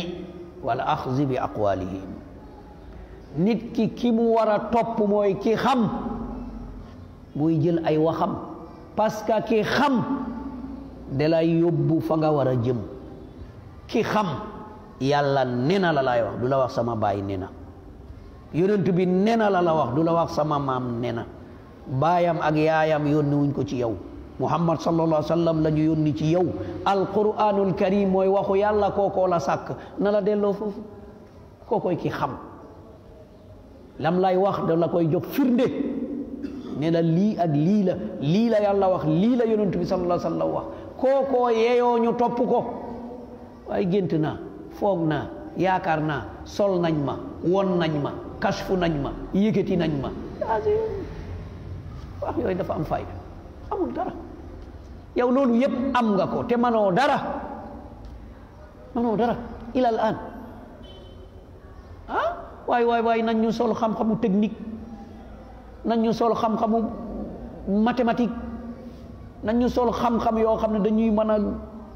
wal axzi bi aqwalihim nit ki ki mu war a topp mooy ki xam muy jël ay waxam parce que ki xam dalay yóbbu fa nga war a jëm ki xam yàlla nena la lay wax du la wax sama baay nena yonent bi nena la la wax du la wax sama maam nena baayam ak yaayam yónni wuñ ko ci yow muhammad sallallahu alayhi wa sallam la ñu yónni ci yow alquranul karim mooy waxu yàlla kookoo la sàkk na la delloo foofu kookoy ki xam lam lay wax da la koy jox firnde ne lii ak lii la lii la yàlla wax lii la yonent bi sallallahu alayhi wa sallam ñu topp ko waaye gént naa foog yaakaar naa sol nañ ma won nañ ma kasfu nañ ma yëkkati nañ ma wax yooyu dafa am fayda amul dara yow loolu yëpp am nga ko te manoo dara manoo dara ilal an ah waay waaye waay nañ ñu sol xam-xamu technique nañ ñu sol xam-xamu mathématique nañ ñu sol xam-xam yoo xam ne dañuy mën a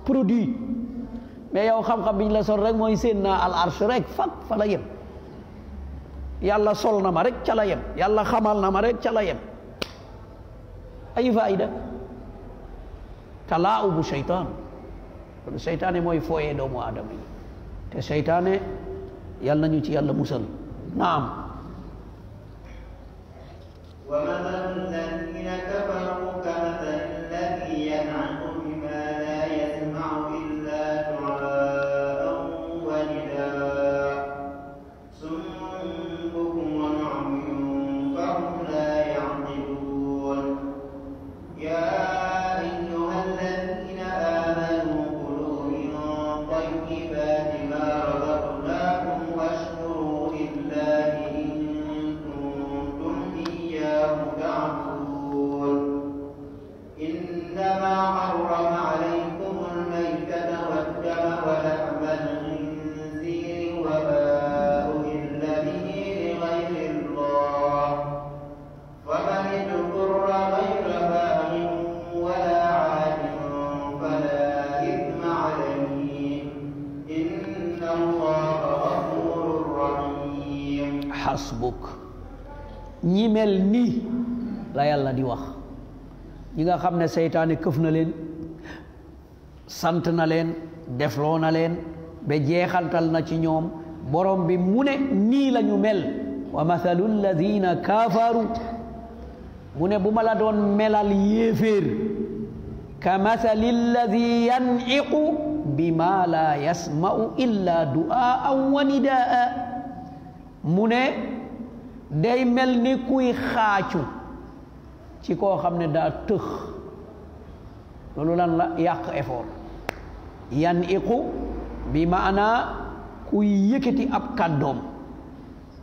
produit mais yow xam-xam bi ñu la sol rek mooy seen naa al arsh rek fat fa la yem yàlla sol na ma rek ca la yem yàlla xamal na ma rek ca la yem ayu faayda talaabu seytaan loolu seytaane mooy fooyee doomu aadama yi te seytaane yàlla nañu ci yàlla musal naam wa masalu lladiina kafaru hasbuk ñi mel nii la yàlla di wax ñi nga xam ne seytaane këf na leen sant na leen defloo na leen ba jeexantal na ci ñoom borom bi mu ne nii la ñu mel wa mathalu lladina kafaru mu ne la doon melal yéeféer ka mathali yan'iqu bima la yasma'u illa du'aan wa nidaa day mel ni kuy xaacu ci koo xam ne daa tëx loolu lan la yàq effort yan iqu bi maanaa kuy yëkkati ab kàddoom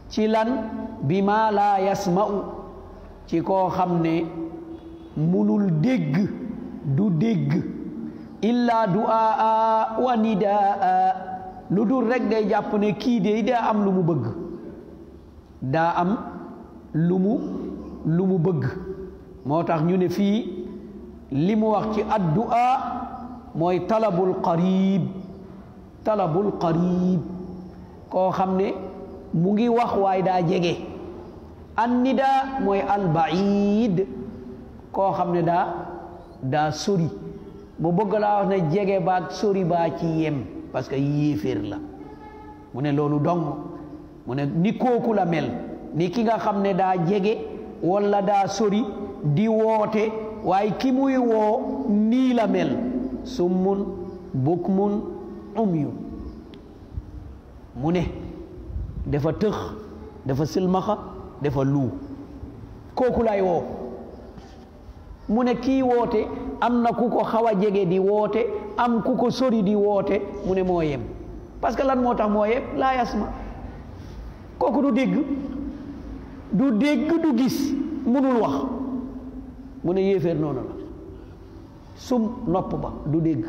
ci lan bi maa laa yasma'u ci koo xam ne mënul dégg du dégg illaa du'aa wa nidaa lu dul rek day jàpp ne kii dey daa am lu mu bëgg daa am lu mu lu mu bëgg moo tax ñu ne fii li mu wax ci addu'a mooy talabul qarib talabul qarib koo xam ne mu ngi wax waay daa jege annida mooy albaid koo xam ne daa daa sori mu bëgg laa wax ne jege baag sori baa ci yem parce que yéeféer la mu ne loolu dong mu ne ni kooku la mel ni ki nga xam ne daa jege walla daa sori di woote waaye ki muy woo nii la mel summun bukmun umyu mu ne dafa tëx dafa silmaxa dafa luu kooku lay woo mu ne kii woote am na ku ko xaw a jege di woote am ku ko sori di woote mu ne moo yem parce que lan moo tax moo yem laa yasma kooku du dégg du dégg du gis mënul wax mu ne yéeféer noonu la sum nopp ba du dégg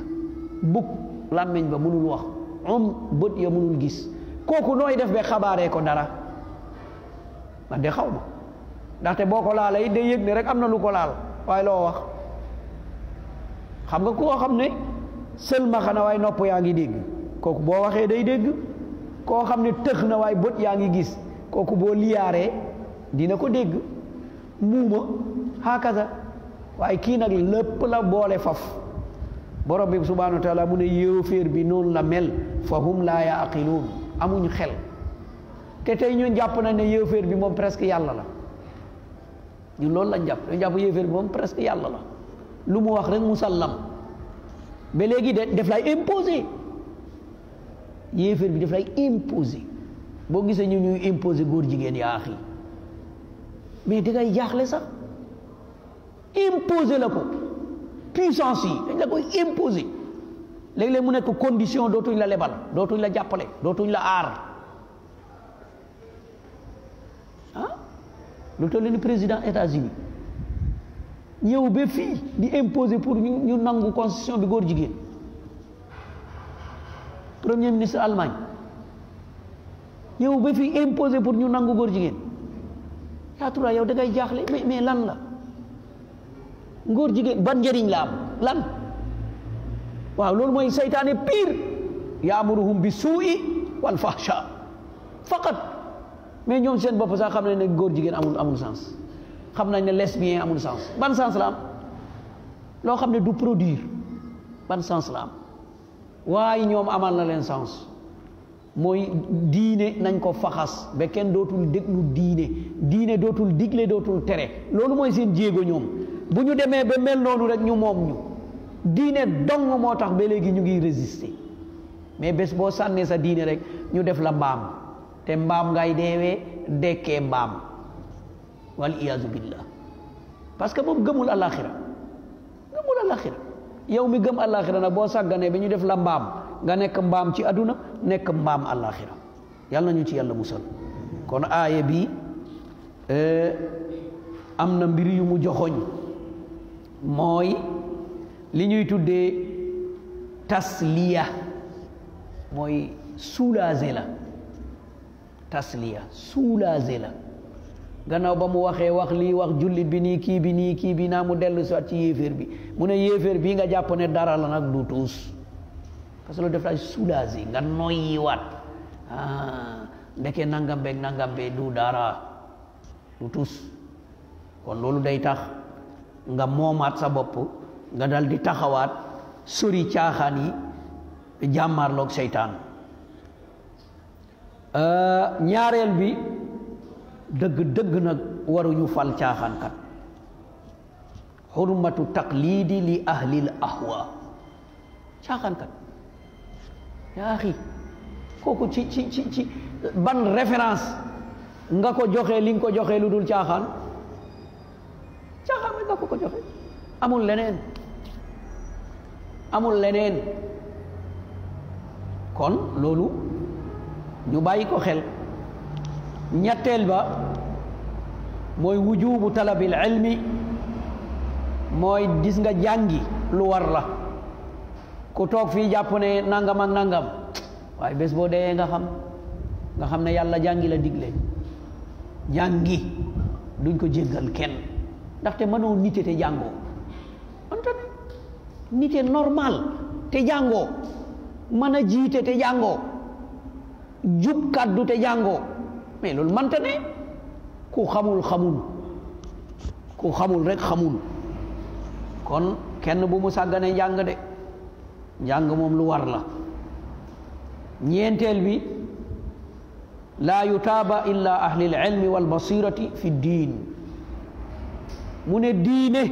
bukk làmmiñ ba mënul wax um bët ya mënul gis kooku nooy def ba xabaaree ko dara man de xaw ma ndaxte boo ko laala it day yëg ne rek am na lu ko laal waaye loo wax xam nga koo xam ne sël ma xana waaye nopp yaa ngi dégg kooku boo waxee day dégg koo xam ne tëx na waaye bët yaa ngi gis kooku boo liyaaree dina ko dégg muuma hakaza waaye kii nag lépp la boole faf borom bi subhanahu wa taala mu ne yéeféer bi noonu la mel fa hum laa yaaqiluun amuñ xel te tey ñun jàpp nañ ne yéeféer bi moom presque yàlla la ñun loolu lañ jàpp dañ jàpp yéeféer bi moom presque yàlla la lu mu wax rek musallam ba léegi de def lay imposé yéeféer bi daf lay imposé boo gisee ñu ñuy imposé góor jigéen yaa axi mais dangay jaaxle sax imposé la ko puissance yi dañ la koy imposé léeg-léeg mu nekk condition dootuñ la lebal dootuñ la jàppale dootuñ la aar ah lu toll ni président États-Unis ñëw ba fii di imposé pour ñu nangu constitution bi góor jigéen premier ministre Allemagne yow ba fi imposé pour ñu nangu góor jigéen yaatura yow da ngay jaaxle mais mais lan la góor jigéen ban njëriñ la am lan waaw loolu mooy seytaane pire yaamuruhum bi suu'i wal fahsha faqat mais ñoom seen bopp sax xam nañ ne góor jigéen amul amul sens xam nañ ne lesbien amul sens ban sens la am loo xam ne du produire ban sens la am waaye ñoom amal na leen sens mooy diine nañ ko faxas ba kenn dootul déglu diine diine dootul digle dootul tere loolu mooy seen jéego ñoom bu ñu ba mel noonu rek ñu moom ñu diine dong moo tax ba ñu ngi résister mais bés boo sànnee sa diine rek ñu def la mbaam te mbaam ngay wal billah parce que yow mi gëm àllaaxira nag boo sàgganee bi ñu def la mbaam nga nekk mbaam ci àdduna nekk mbaam àllaaxira yàlla na ñu ci yàlla musal kon aaye bi e, am na mbir yu mu joxoñ mooy li ñuy tuddee tasliya mooy soulager la tasliya soulager la gannaaw ba mu waxee wax lii wax jullit bi nii kii bi nii kii bi naa mu dellu soit ci yéeféer bi mu ne yéeféer bii nga jàpp ne dara la nag du tuus parce que loolu def nga ah ndeke nangam beeg nangam be du dara du tuus kon loolu day tax nga moomaat sa bopp nga dal di taxawaat sori caaxaan yi jàmmaarloog seytaan ah, ñaareel bi dëgg-dëgg nag waruñu fal caaxaankat hurmatu taqlidi li ahlil ahwa caaxaankat ya axi koku ci ci ci ci ban reference nga ko joxe li nga ko joxe lu dul caaxaan nga ko ko joxe amul lenen amul lenen kon lulu, ñu bàyyi xel ñetteel ba mooy wujubu talabil ilmi mooy gis nga jàngi lu war la ku toog fi jàpp ne nangam nangam waaye bés boo deeyee nga xam nga xam ne yàlla jàngi la digle jàngi duñ ko jëngal kenn ndaxte mënoo nite te jàngoo anta normal te jàngoo mën a jiite te jàngoo jub kàddu te jàngoo mais loolu mënta ne ku xamul xamul ku xamul rek xamul kon kenn bu mu sàggane yang de njàng moom lu war la ñeenteel bi laa yutaaba illa ahli lilmi walbasirati fi diin mune ne diine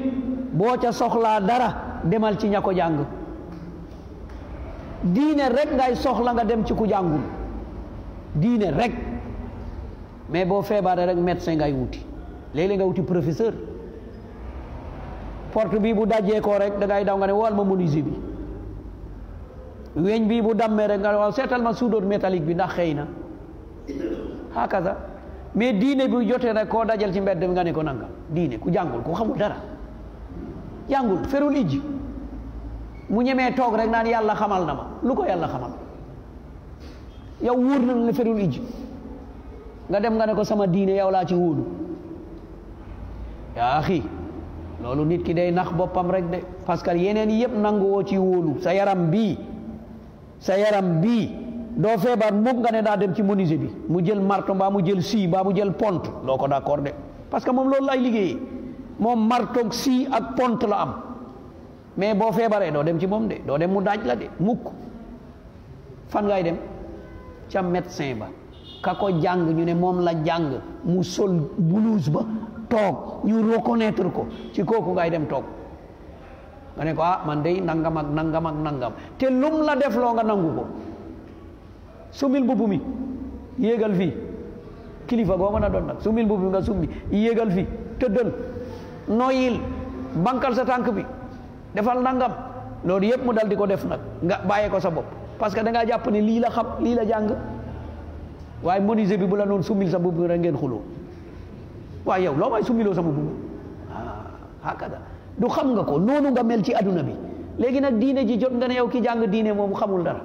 boo ca soxlaa dara demal ci ña ko diine rek ngay soxla nga dem ci ku jàngul diine rek mais boo feebaree rek médecin ngay wuti léeg-léeg nga wuti professeur port bi bu dajee koo rek da ngay daw nga ne wool ma menuisier bi weñ bii bu dammee rek nga ne waaw seetal ma soudeur métallique bi ndax xëy na hakaza mais diine bi jotee rek koo dajal ci mbedd bi nga ne ko nangam diine ku jàngul ku xamul dara jàngul ferul ijji mu ñemee toog rek naan yàlla xamal na ma lu ko yàlla xamal yow wóor na la ferul ijji nga dem nga ne ko sama diine yow laa ci wóolu yaa xii loolu nit ki day nax boppam rek de parce que yeneen yëpp nanguwoo ci wóolu sa yaram bii sa yaram bii doo feebar mukk nga ne daa dem ci menuisier bi mu jël marto mbaa mu jël sii baa mu jël pont doo ko d'accord de parce que moom loolu lay liggéeyee moom martoog scie ak pont la am mais boo feebaree doo dem ci moom de doo dem mu daaj la de mukk fan ngay dem ca médecin ba ka ko jàng ñu ne moom la jàng mu sol blouse ba toog ñu reconnaître ko ci kooku ngay dem toog nga ne ko ah man day nangam ak nangam ak nangam te lum la def loo nga nangu ko sumil mbubb mi yéegal fi kilifa goo mën a doon nag sumil mbubb mi nga summi yéegal fii tëddal noyil bankal sa tànk bi defal nangam loolu yëpp mu dal di ko def nag nga bàyyee ko sa bopp parce que da jàpp ne lii la xam lii la jàng waaye menuisier bi bu la noonu summil sa mbubb rek ngeen xuloo waaye yow loo may summiloo sama ah, mbubb du xam nga ko noonu nga mel ci adduna bi léegi nag diine ji jot nga ne yow ki jàng diine moom xamul dara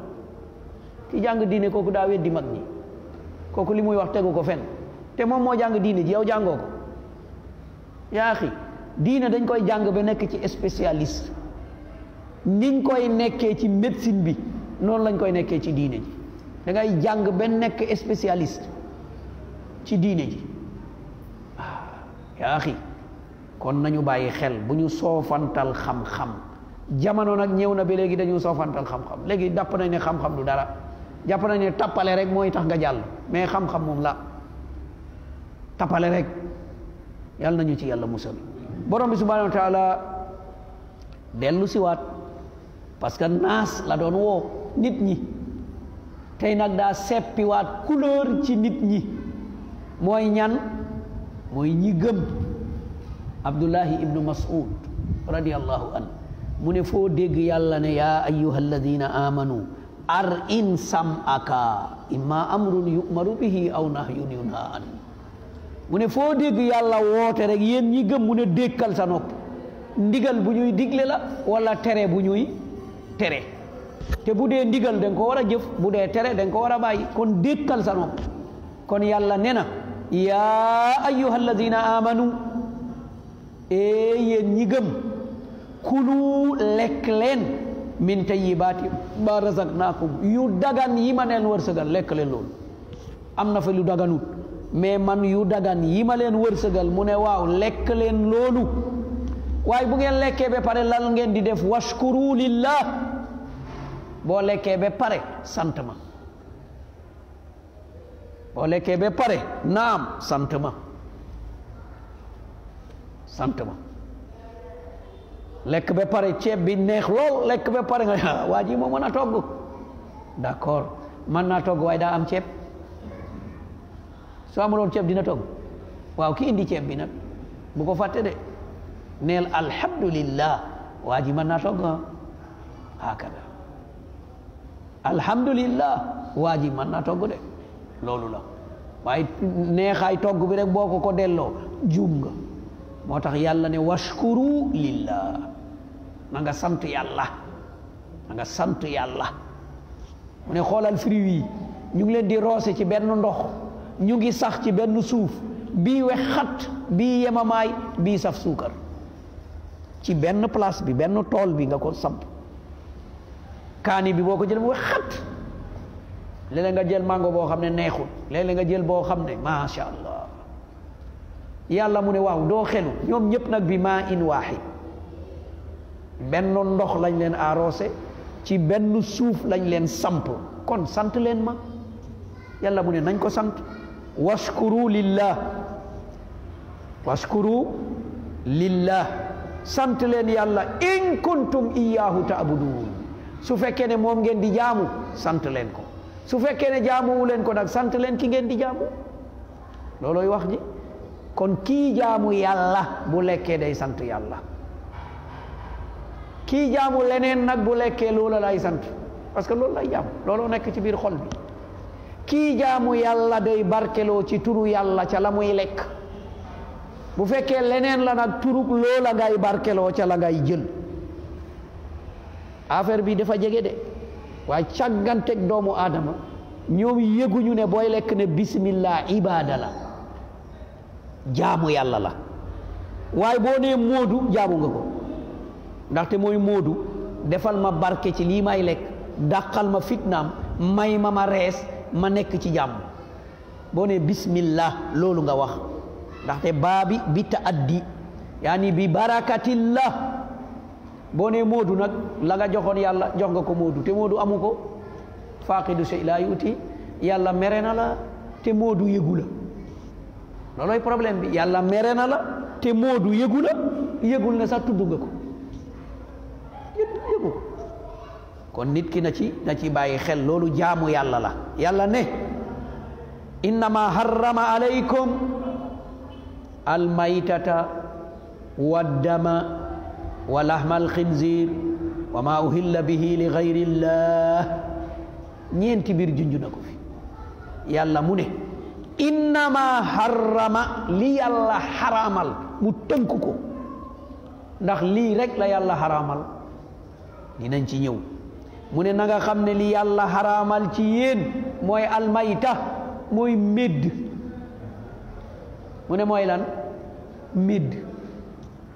ki jàng diine kooku daa weddi mag ñi kooku li muy wax tegu ko fen te moom moo jàng diine ji yow jàngoo ko yaa xi diine dañ koy jàng ba nekk ci spécialiste niñ koy nekkee ci médecine bi noonu lañ koy nekkee ci diine ji da ngay jàng spesialis, nekk spécialiste ci diine ji ah, yaa xi kon nañu bàyyi xel bu ñu soofantal xam-xam jamono nag ñëw na ba léegi dañu soofantal xam-xam léegi dàpp nañ ne xam-xam du dara jàpp nañ ne tappale rek mooy tax nga jàll mais xam-xam moom la tappale rek yàlla nañu ci yàlla musal borom bi subhanahu wa taala dellu siwaat parce que la doon nit ñi tey nag daa seppiwaat couleur ci nit ñi mooy ñan mooy ñi gëm abdullahi ibnu mas'ud radiallahu an mu ne foo dégg yàlla ne yaa ayyuha alladina amanu ar in sam imma amrun yu'maru bihi aw nahyun yunha an mu ne foo dégg yàlla woote rek yéen ñi gëm mu ne dékkal sa nopp ndigal bu ñuy digle la walla tere bu ñuy tere te bu dee ndigal da ko war a jëf bu dee tere da ko war a bàyyi kon dékkal sa kon yàlla ne na yaa ayyuha alladina amanu ee yéen ñi gëm kulu lekk leen min tayyibaati ma razaqnaakum yu dagan yi ma leen wërsëgal lekk leen loolu am na fa lu daganut mais man yu dagan yi ma leen wërsëgal mu ne waaw lekk leen loolu waaye bu ngeen lekkee ba pare lal ngeen di def washkuru lillah Boleh kebe pare sant Boleh kebe pare naam sant ma sant kebe pare ceeb bi neex pare nga waa ji mana mën a togg d'accord mën naa togg waaye daa am ceeb soo amuloon ceeb dina togg waaw ki indi ceeb bi nag bu ko fàtte de neel alhamdulillah waa ji alhamdulillah waa ji mën naa togg de loolu la waaye neexaay togg bi rek boo ko ko delloo juum nga moo tax yàlla ne washkuru lillah na nga sant yàlla na nga sant yàlla mu ne xoolal fruit yi ñu ngi leen di roose ci benn ndox ñu ngi sax ci benn suuf bii xat bii yemamaay bii saf suukar ci benn place bi benn tool bi nga ko samt kani bi boo ko jël mu xat léeg nga jël mango boo xam ne neexul léeg nga jël allah yàlla mu ne waaw doo xelu ñoom ñëpp nag bi maa in wahid. benn ndox lañ leen arrosé ci benn suuf lañ leen samp kon sant leen ma yàlla mu ne nañ ko sant washkuru lillah washkuru lillah sant leen yàlla in kuntum iyaahu taabudun su fekkee ne moom ngeen di jaamu sant leen ko su fekkee ne jaamuwu leen ko nag sant leen ki ngeen di jaamu loolooy wax ji kon kii jaamu yàlla bu lekkee day sant yàlla kii jaamu leneen nag bu lekkee loola lay sant parce que loolu lay jaamu looloo nekk ci biir xol bi kii jaamu yàlla day barkeloo ci turu yàlla ca la muy lekk bu fekkee leneen la nag turub loola ngay barkeloo ca la ngay jël affaire bi dafa jege de waaye càgganteeg doomu aadama ñoom yëguñu ne booy lekk ne bismillah ibaada la jaamu yàlla la waaye boo nee moodu jaamu nga ko ndaxte mooy moodu defal ma barke ci lii may lekk dàqal ma fitnaam may ma ma rees ma nekk ci jàmm boo nee bismillah loolu nga wax ndaxte baabi bi taaddi yaani bi barakatillah boo nee moodu nag la nga joxoon yàlla jox nga ko moodu te moodu amu ko faaqidu shay laa yuuti yàlla mere na la te moodu yëgu la loolooy problème bi yàlla mere na la te moodu yëgu la yëgul ne sax tudd nga ko yëgu kon nit ki na ci na ci bàyyi xel loolu jaamu yàlla la yàlla ne innama harrama alaykum almaytata waddama ولحم الخنزير وما أهل به لغير الله ñeenti biir junj na ko fi yàlla mu ne innama harrama li yàlla xaraamal mu tënk ko ndax lii rek la yàlla xaraamal dinañ ci ñëw mu ne na nga xam ne li yàlla xaraamal ci yéen mooy almayta mooy médd mu ne mooy lan médd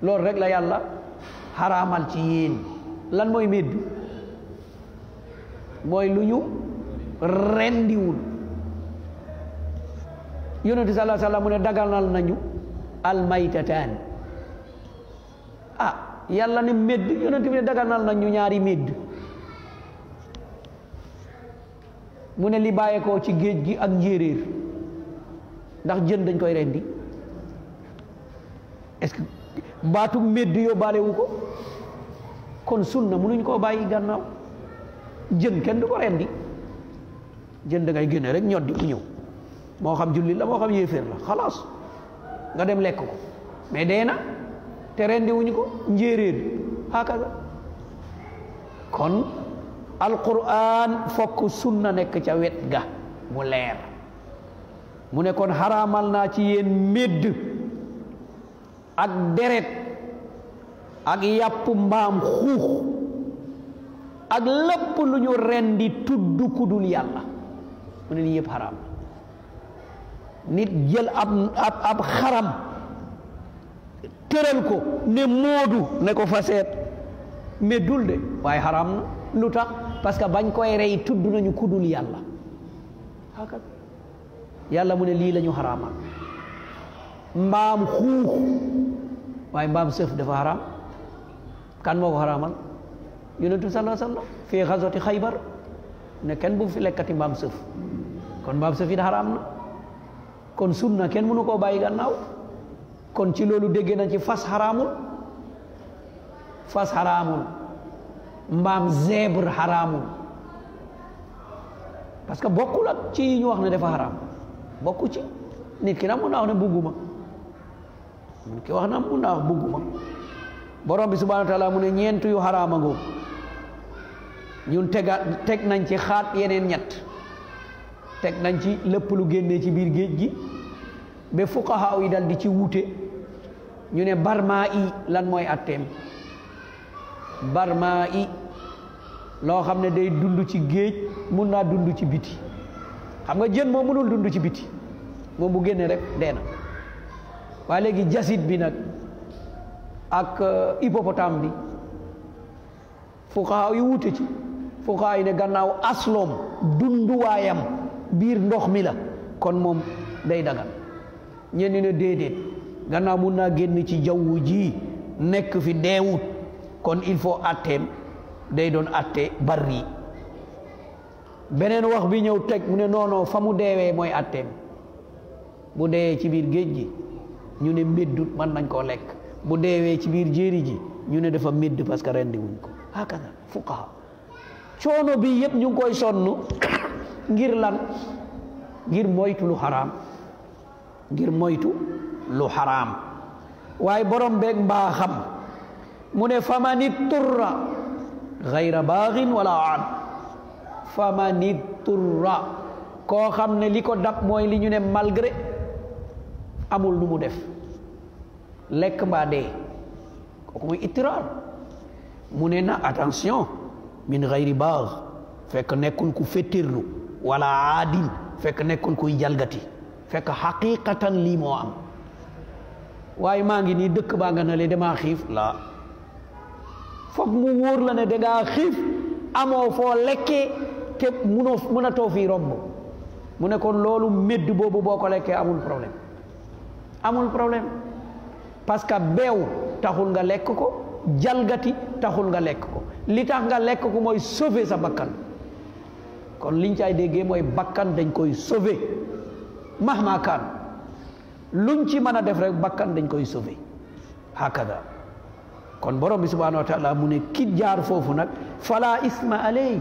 loolu rek la yàlla xaraamal ci yéen lan mooy mbir bi mooy lu ñu rendiwul yonente salaa sallam mu ne daganal ah yàlla ne médd Yunus bi ne daganal nañu ñaari médd mu ne li bàyyeekoo ci géej gi ak ndax dañ koy rendi est-ce que Batu medd yo wu ko kon sunna munuñ koo bàyyi gannaaw jën kenn du ko rendi jën da ngay génne rek ñoddi mu ñëw moo xam jullit la moo xam yéeféer la xalaas nga dem lekk mais rendi wuñ ko kon alquran fokk sunna nekk ca wet ga mu leer mu ne kon haramal na ci yéen medd ak deret ak yàpp mbaam xuux ak lépp lu ñu rendi tudd kudul yàlla mu ne li yëpp xaraam nit jël ab ab ab xaram tëral ko ne moodu ne ko faseet mais dul de waaye xaraam na lu tax parce que bañ koy rey tudd nañu kudul yàlla yàlla mu ne lii lañu ñu mbaam xuux waaye mbaam sëf dafa xaraam kan moo ko xaraamal yonent bi sallallahu alayhi wasallam fii xasoti xaybar ne kenn bu fi lekkati mbaam sëf kon mbaam sëf it xaraam na kon sunna kenn mënu koo bàyyi gannaaw kon ci loolu dégge nañ ci fas xaraamul fas xaraamul mbaam zèbre xaraamul parce que bokkul ak ci yi ñu wax ne dafa xaraam bokku ci nit ki nag mën naa wax ne bugguma ki wax na mun naa wax bugguma borom bi subhanahu wa taala mu ne ñeent yu xaraama ngoo ñun teg nañ ci xaat yeneen ñett teg nañ ci lépp lu génnee ci biir géej gi ba fuqaha yi dal ci wuute ñu ne barmaa i lan mooy atteem barmaa i loo xam ne day dundu ci géej mun naa dund ci biti xam nga jën moom mënul dundu ci biti moom mu génne rek dee na waa léegi jasit bi nag ak euh, hippopotame bi fuqahaa yu wute ci fuqahaa yi ne gannaaw asloom dunduwaayam biir ndox mi la kon moom day dagan ñenn ne déedéet gannaaw mun naa génn ci jawwu ji nekk fi deewut kon il faut atteem day doon atte barri beneen wax bi ñëw teg mu ne noonoo fa mu deewee mooy atteem bu deewee ci biir géej gi ñu ne méddut man nañ koo lekk bu deewee ci biir jéeri ji ñu ne dafa médd parce que rendi wuñ ko hakada fuqaha coono bi yëpp ñu ngi koy sonn ngir lan ngir moytu lu xaraam ngir moytu lu xaraam waaye borom beeg mbaaxam mu ne famani itturra gayra baaxin wala aan faman itturra koo xam ne li ko dab mooy li ñu ne malgré amul lu mu def lekk mbaa dee kooku muy na attention min xayri bar, fekk nekkun ku fettirlu wala aadin fekk nekkun kuy jalgati fekk xaqiqatan lii moo am waaye maa ngi nii dëkk baa nga le damaa xiif la foog mu wóor la ne dangaa xiif amoo fo lekkee te munoo munatoo fii romb mu ne kon loolu médd boobu boo ko lekkee amul problème amul problème parce que beew taxul nga lekk ko jalgati taxul nga lekk ko li tax nga lekk ko mooy sauver sa bakkan kon liñ caay déggee mooy bakkan dañ koy sauver mahma kaan luñ ci mën a def rek bakkan dañ koy sauver hakada kon borom bi subhanahu mu ne ki jaar foofu nag fala isma aley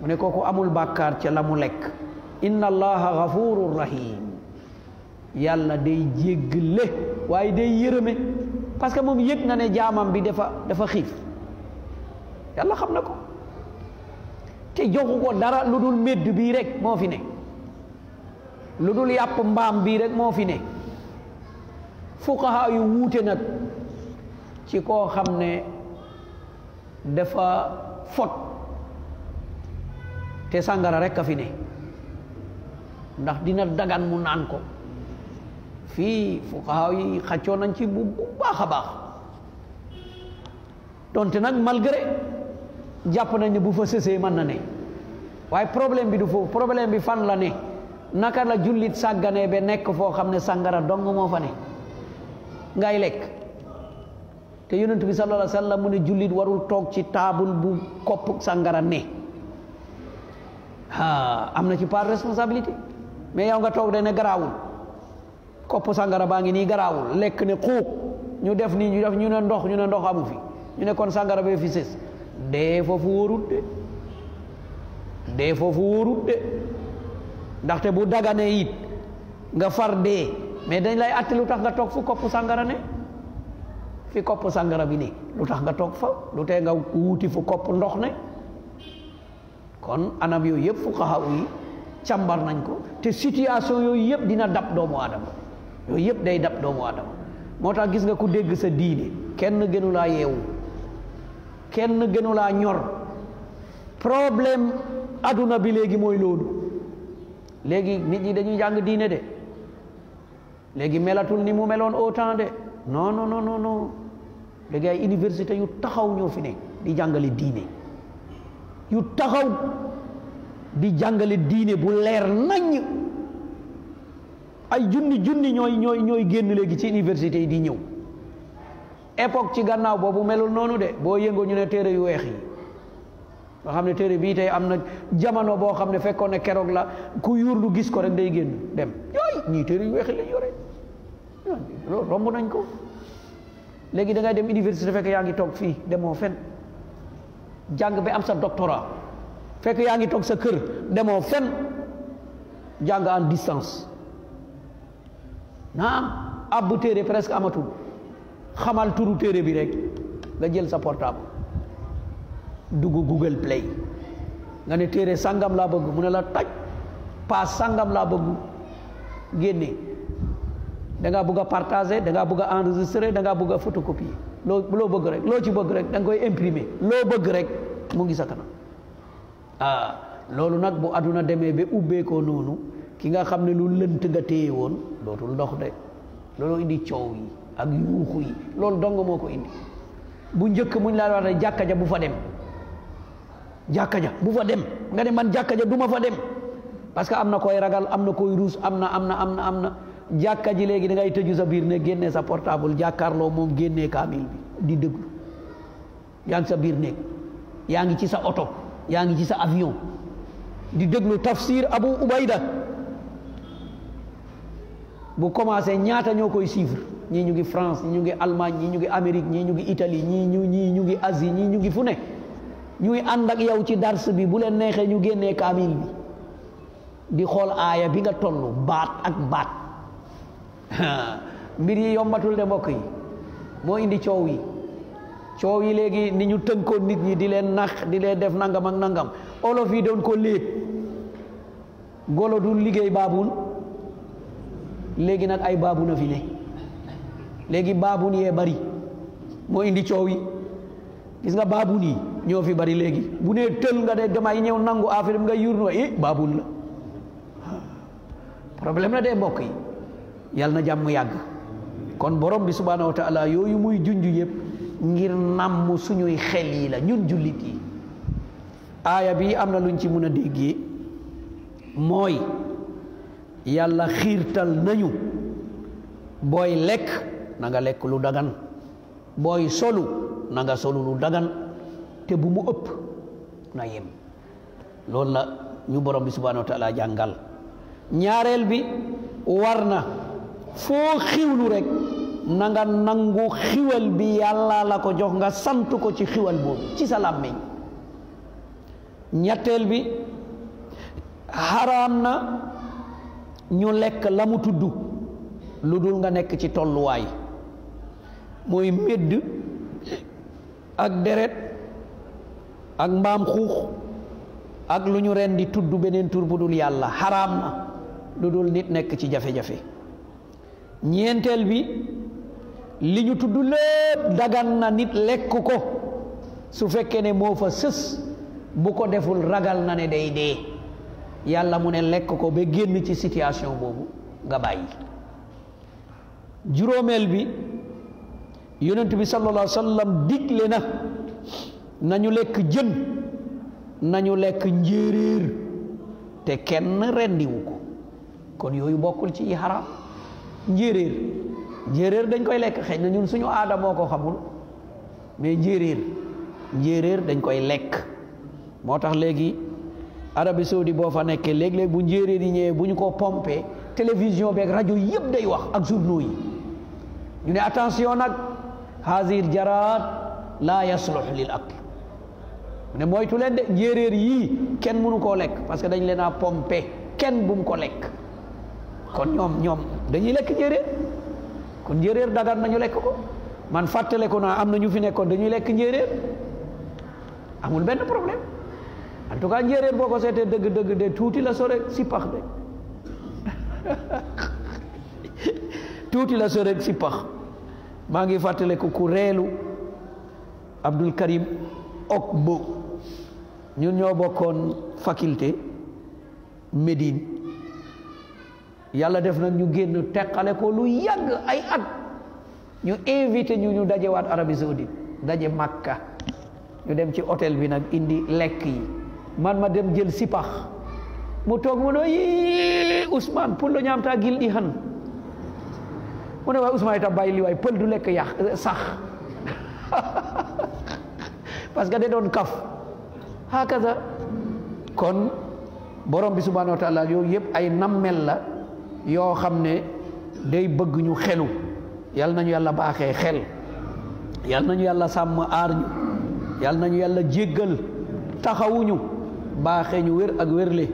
mu ne kooku amul bàkkaar ca la mu lekk inna allaha gafurur rahim yàlla day jéggale waaye day yërëme parce que moom yëg na ne jaamam bi dafa dafa xiif yàlla xam na ko te joxu ko dara lu dul medd bii rek moo fi ne lu dul yàpp mbaam bii rek moo fi ne fuqaha yu wuute nag ci koo xam ne dafa fot te sàngara rek a fi ne ndax dina dagan mu naan ko Fi fuqaha yi xaccoo nañ ci bu bu baax a baax donte nag malgré jàpp nañ ne bu fa sësee mën na ne waaye problème bi du foofu problème bi fan la ne naka la jullit sàgganee ba nekk foo xam ne sàngara dong moo fa ne ngay lekk te yonent bi sallallahu alayhi wasallam mu ne jullit warul toog ci taabul bu kopp sàngara ne ha am na ci part responsabilité mais yow nga toog day garaawul kopp sangara baa ngi nii garaawul lekk ne xuub ñu def ni ñu def ñu ne ndox ñu ne ndox amu fi ñu ne kon sangara be fi sës dee foofu wóorut de dee foofu wóorut de ndaxte bu dagane it nga far mais dañ lay nga fu sangara ne fi kopp sangara bi ne lu tax nga toog fa lu nga wuuti fu ndox ne kon anam yep yëpp fuqaha yi càmbar nañ ko te situation yooyu yëpp dina dab doomu aadama yooyu yëpp day dab doomu aadama moo tax gis nga ku dégg sa diine kenn gënulaa yeewu kenn gënulaa ñor problème aduna bi léegi mooy loolu léegi nit ñi dañuy jàng diine de léegi melatul ni mu meloon au temps de non non non non léegi ay université yu taxaw ñoo fi ne di jàngale diine yu taxaw di jàngale diine bu leer naññ ay junni junni ñooy ñooy ñooy génn léegi ci université yi di ñëw époque ci gannaaw boobu melul noonu de boo yëngoo ñu ne téere yu weex yi nga xam ne téere bii tey am na jamono boo xam ne fekkoon ne keroog la ku yuur lu gis ko rek day génn dem yooyu ñii téere yu weex yi lañ yore romb nañ ko léegi dangay ngay dem université fekk yaa ngi toog fii demoo fen jàng bi am sa doctorat fekk yaa ngi toog sa kër demoo fen jàng en distance naam ab téere presque amatul xamal turu téere bi rek nga jël sa portable dugg Google Play nga ne téere sangam laa bëgg mu ne la taj paas sangam laa bëgg génne da ngaa bëgg a partager dangaa ngaa bëgg a enregistrer da ngaa bëgg a photocopier loo loo bëgg rek loo ci bëgg rek da nga koy imprimer loo bëgg rek mu ngi sa kanam ah loolu nag bu aduna demee ba ubbeekoo noonu. ki nga xam ne lu lënt nga téye woon dootul dox de loolu indi coow yi ak yuuxu loolu dong moo ko indi bu njëkk muñ laa wax ne jàkka bu fa dem jàkka ja bu fa dem nga ne man jàkka ja ma fa dem parce que am na koy ragal am na koy ruus am na am na am na am na jàkka ji léegi da ngay tëju sa biir ne génnee sa portable jàkkaarloo moom génnee kaamil bi di déglu yaa ngi sa biir néeg yaa ngi ci sa oto yaa ngi ci sa avion di déglu tafsir Abu Ubayda bu commencé ñaata ñoo koy suivre ñii ñu ngi France ñii ñu ngi Allemagne ñii ñu ngi Amérique ñii ñu ngi itali ñii ñu ñii ñu ngi Asie ñii ñu ngi fu ne ñuy ànd ak yow ci dars bi bu leen neexee ñu génnee kaamil bi di xool aaya bi nga toll baat ak baat mbir yi yombatul de mbokk yi moo indi coow yi coow yi léegi ni ñu tënkoon nit ñi di leen nax di leen def nangam ak nangam olof yi doon ko léeb golo du liggéey baabul léegi nak ay baabu na fi ne léegi baabu yee bari Mo indi coow yi gis nga baabu nii ñoo fi bari léegi bu nee tël nga de damay ñëw nangu affaire nga yurnu eh baabun la problème la de mbokk yi yàlla na jàmm yàgg kon borom bi subhanahu wa taala yooyu muy junj yëpp ngir namm suñuy xel yi la ñun jullit yi aaya bi am na luñ ci mun a déggee yàlla xiirtal nañu boy lek na nga lekk lu dagan booy solu na nga solu lu dagan te bu mu ëpp na yem loolu la ñu borom bi subhanahu wa taala jàngal ñaareel bi warna na foo xiwlu rek na nga nangu xiwal bi yàlla la ko jox nga sant ko ci xiwal boobu ci sa làmmiñ ñetteel bi xaraam na ñu lekk la mu tudd lu dul nga nekk ci tolluwaay muy médd ak deret ak mbaam xuux ak lu ñu ren di tudd beneen tur bu dul haram xaraam na lu dul nit ci jafe-jafe ñeenteel bi li ñu dagan na nit lekk ko su fekkee ne moo fa bu ko deful ragal na ne day dee yàlla mu ne lekk ko ba génn ci situation boobu nga bàyyi juróomeel bi yonent bi sallallahu alayhi wa sallam digle na nañu lekk jën nañu lekk njéeréer te kenn rendiw ko kon yooyu bokkul ci yi njéeréer njéeréer dañ koy lekk xëy na ñun suñu aada moo ko xamul mais njéeréer njéeréer dañ koy lekk moo tax léegi arabie saoudi boo fa nekkee léeg-léeg bu njéeree di ñëwee bu ñu ko pompé télévision beeg rajo yëpp day wax ak journaux yi ñu ne attention nag hazir jarat laa yasluh lil akl mu ne moytu leen de njéeréer yii kenn mënu koo lekk parce que dañ leen pompé kenn bu mu ko lekk kon ñoom ñoom dañuy lekk njéeréer kon njéeréer dagan nañu lekk ko man ko na ñu fi nekkoon dañuy lekk njéeréer amul problème en kan cas njéeréer boo ko deg deg dëgg de tuuti la sore sipah pax de tuuti la sore sipah. pax maa ngi Abdul Karim Okbo ñun ñoo bokkoon Medin. Médine yàlla def nag ñu génn teqale ko lu nyu ay at ñu invité ñu ñu dajewaat Arabie Saoudite daje Makka ñu dem ci hôtel bi indi lekk yi man ma dem jël sipax mu toog mu ne yii Ousmane pour la ñaam taa gil di xan mu waaye pël du lekk yax euh, sax parce que da doon kaf hakaza kon borom bi subhanahu yooyu yëpp ay nammel la yoo xam ne day bëgguñu xelu yal nañu yàlla baaxee xel yal nañu yàlla sàmm aar ñu nañu yàlla jéggal taxawuñu باخي نوير أغويرلي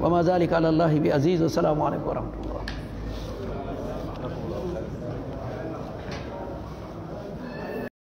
وما ذلك على الله بعزيز والسلام عليكم ورحمة الله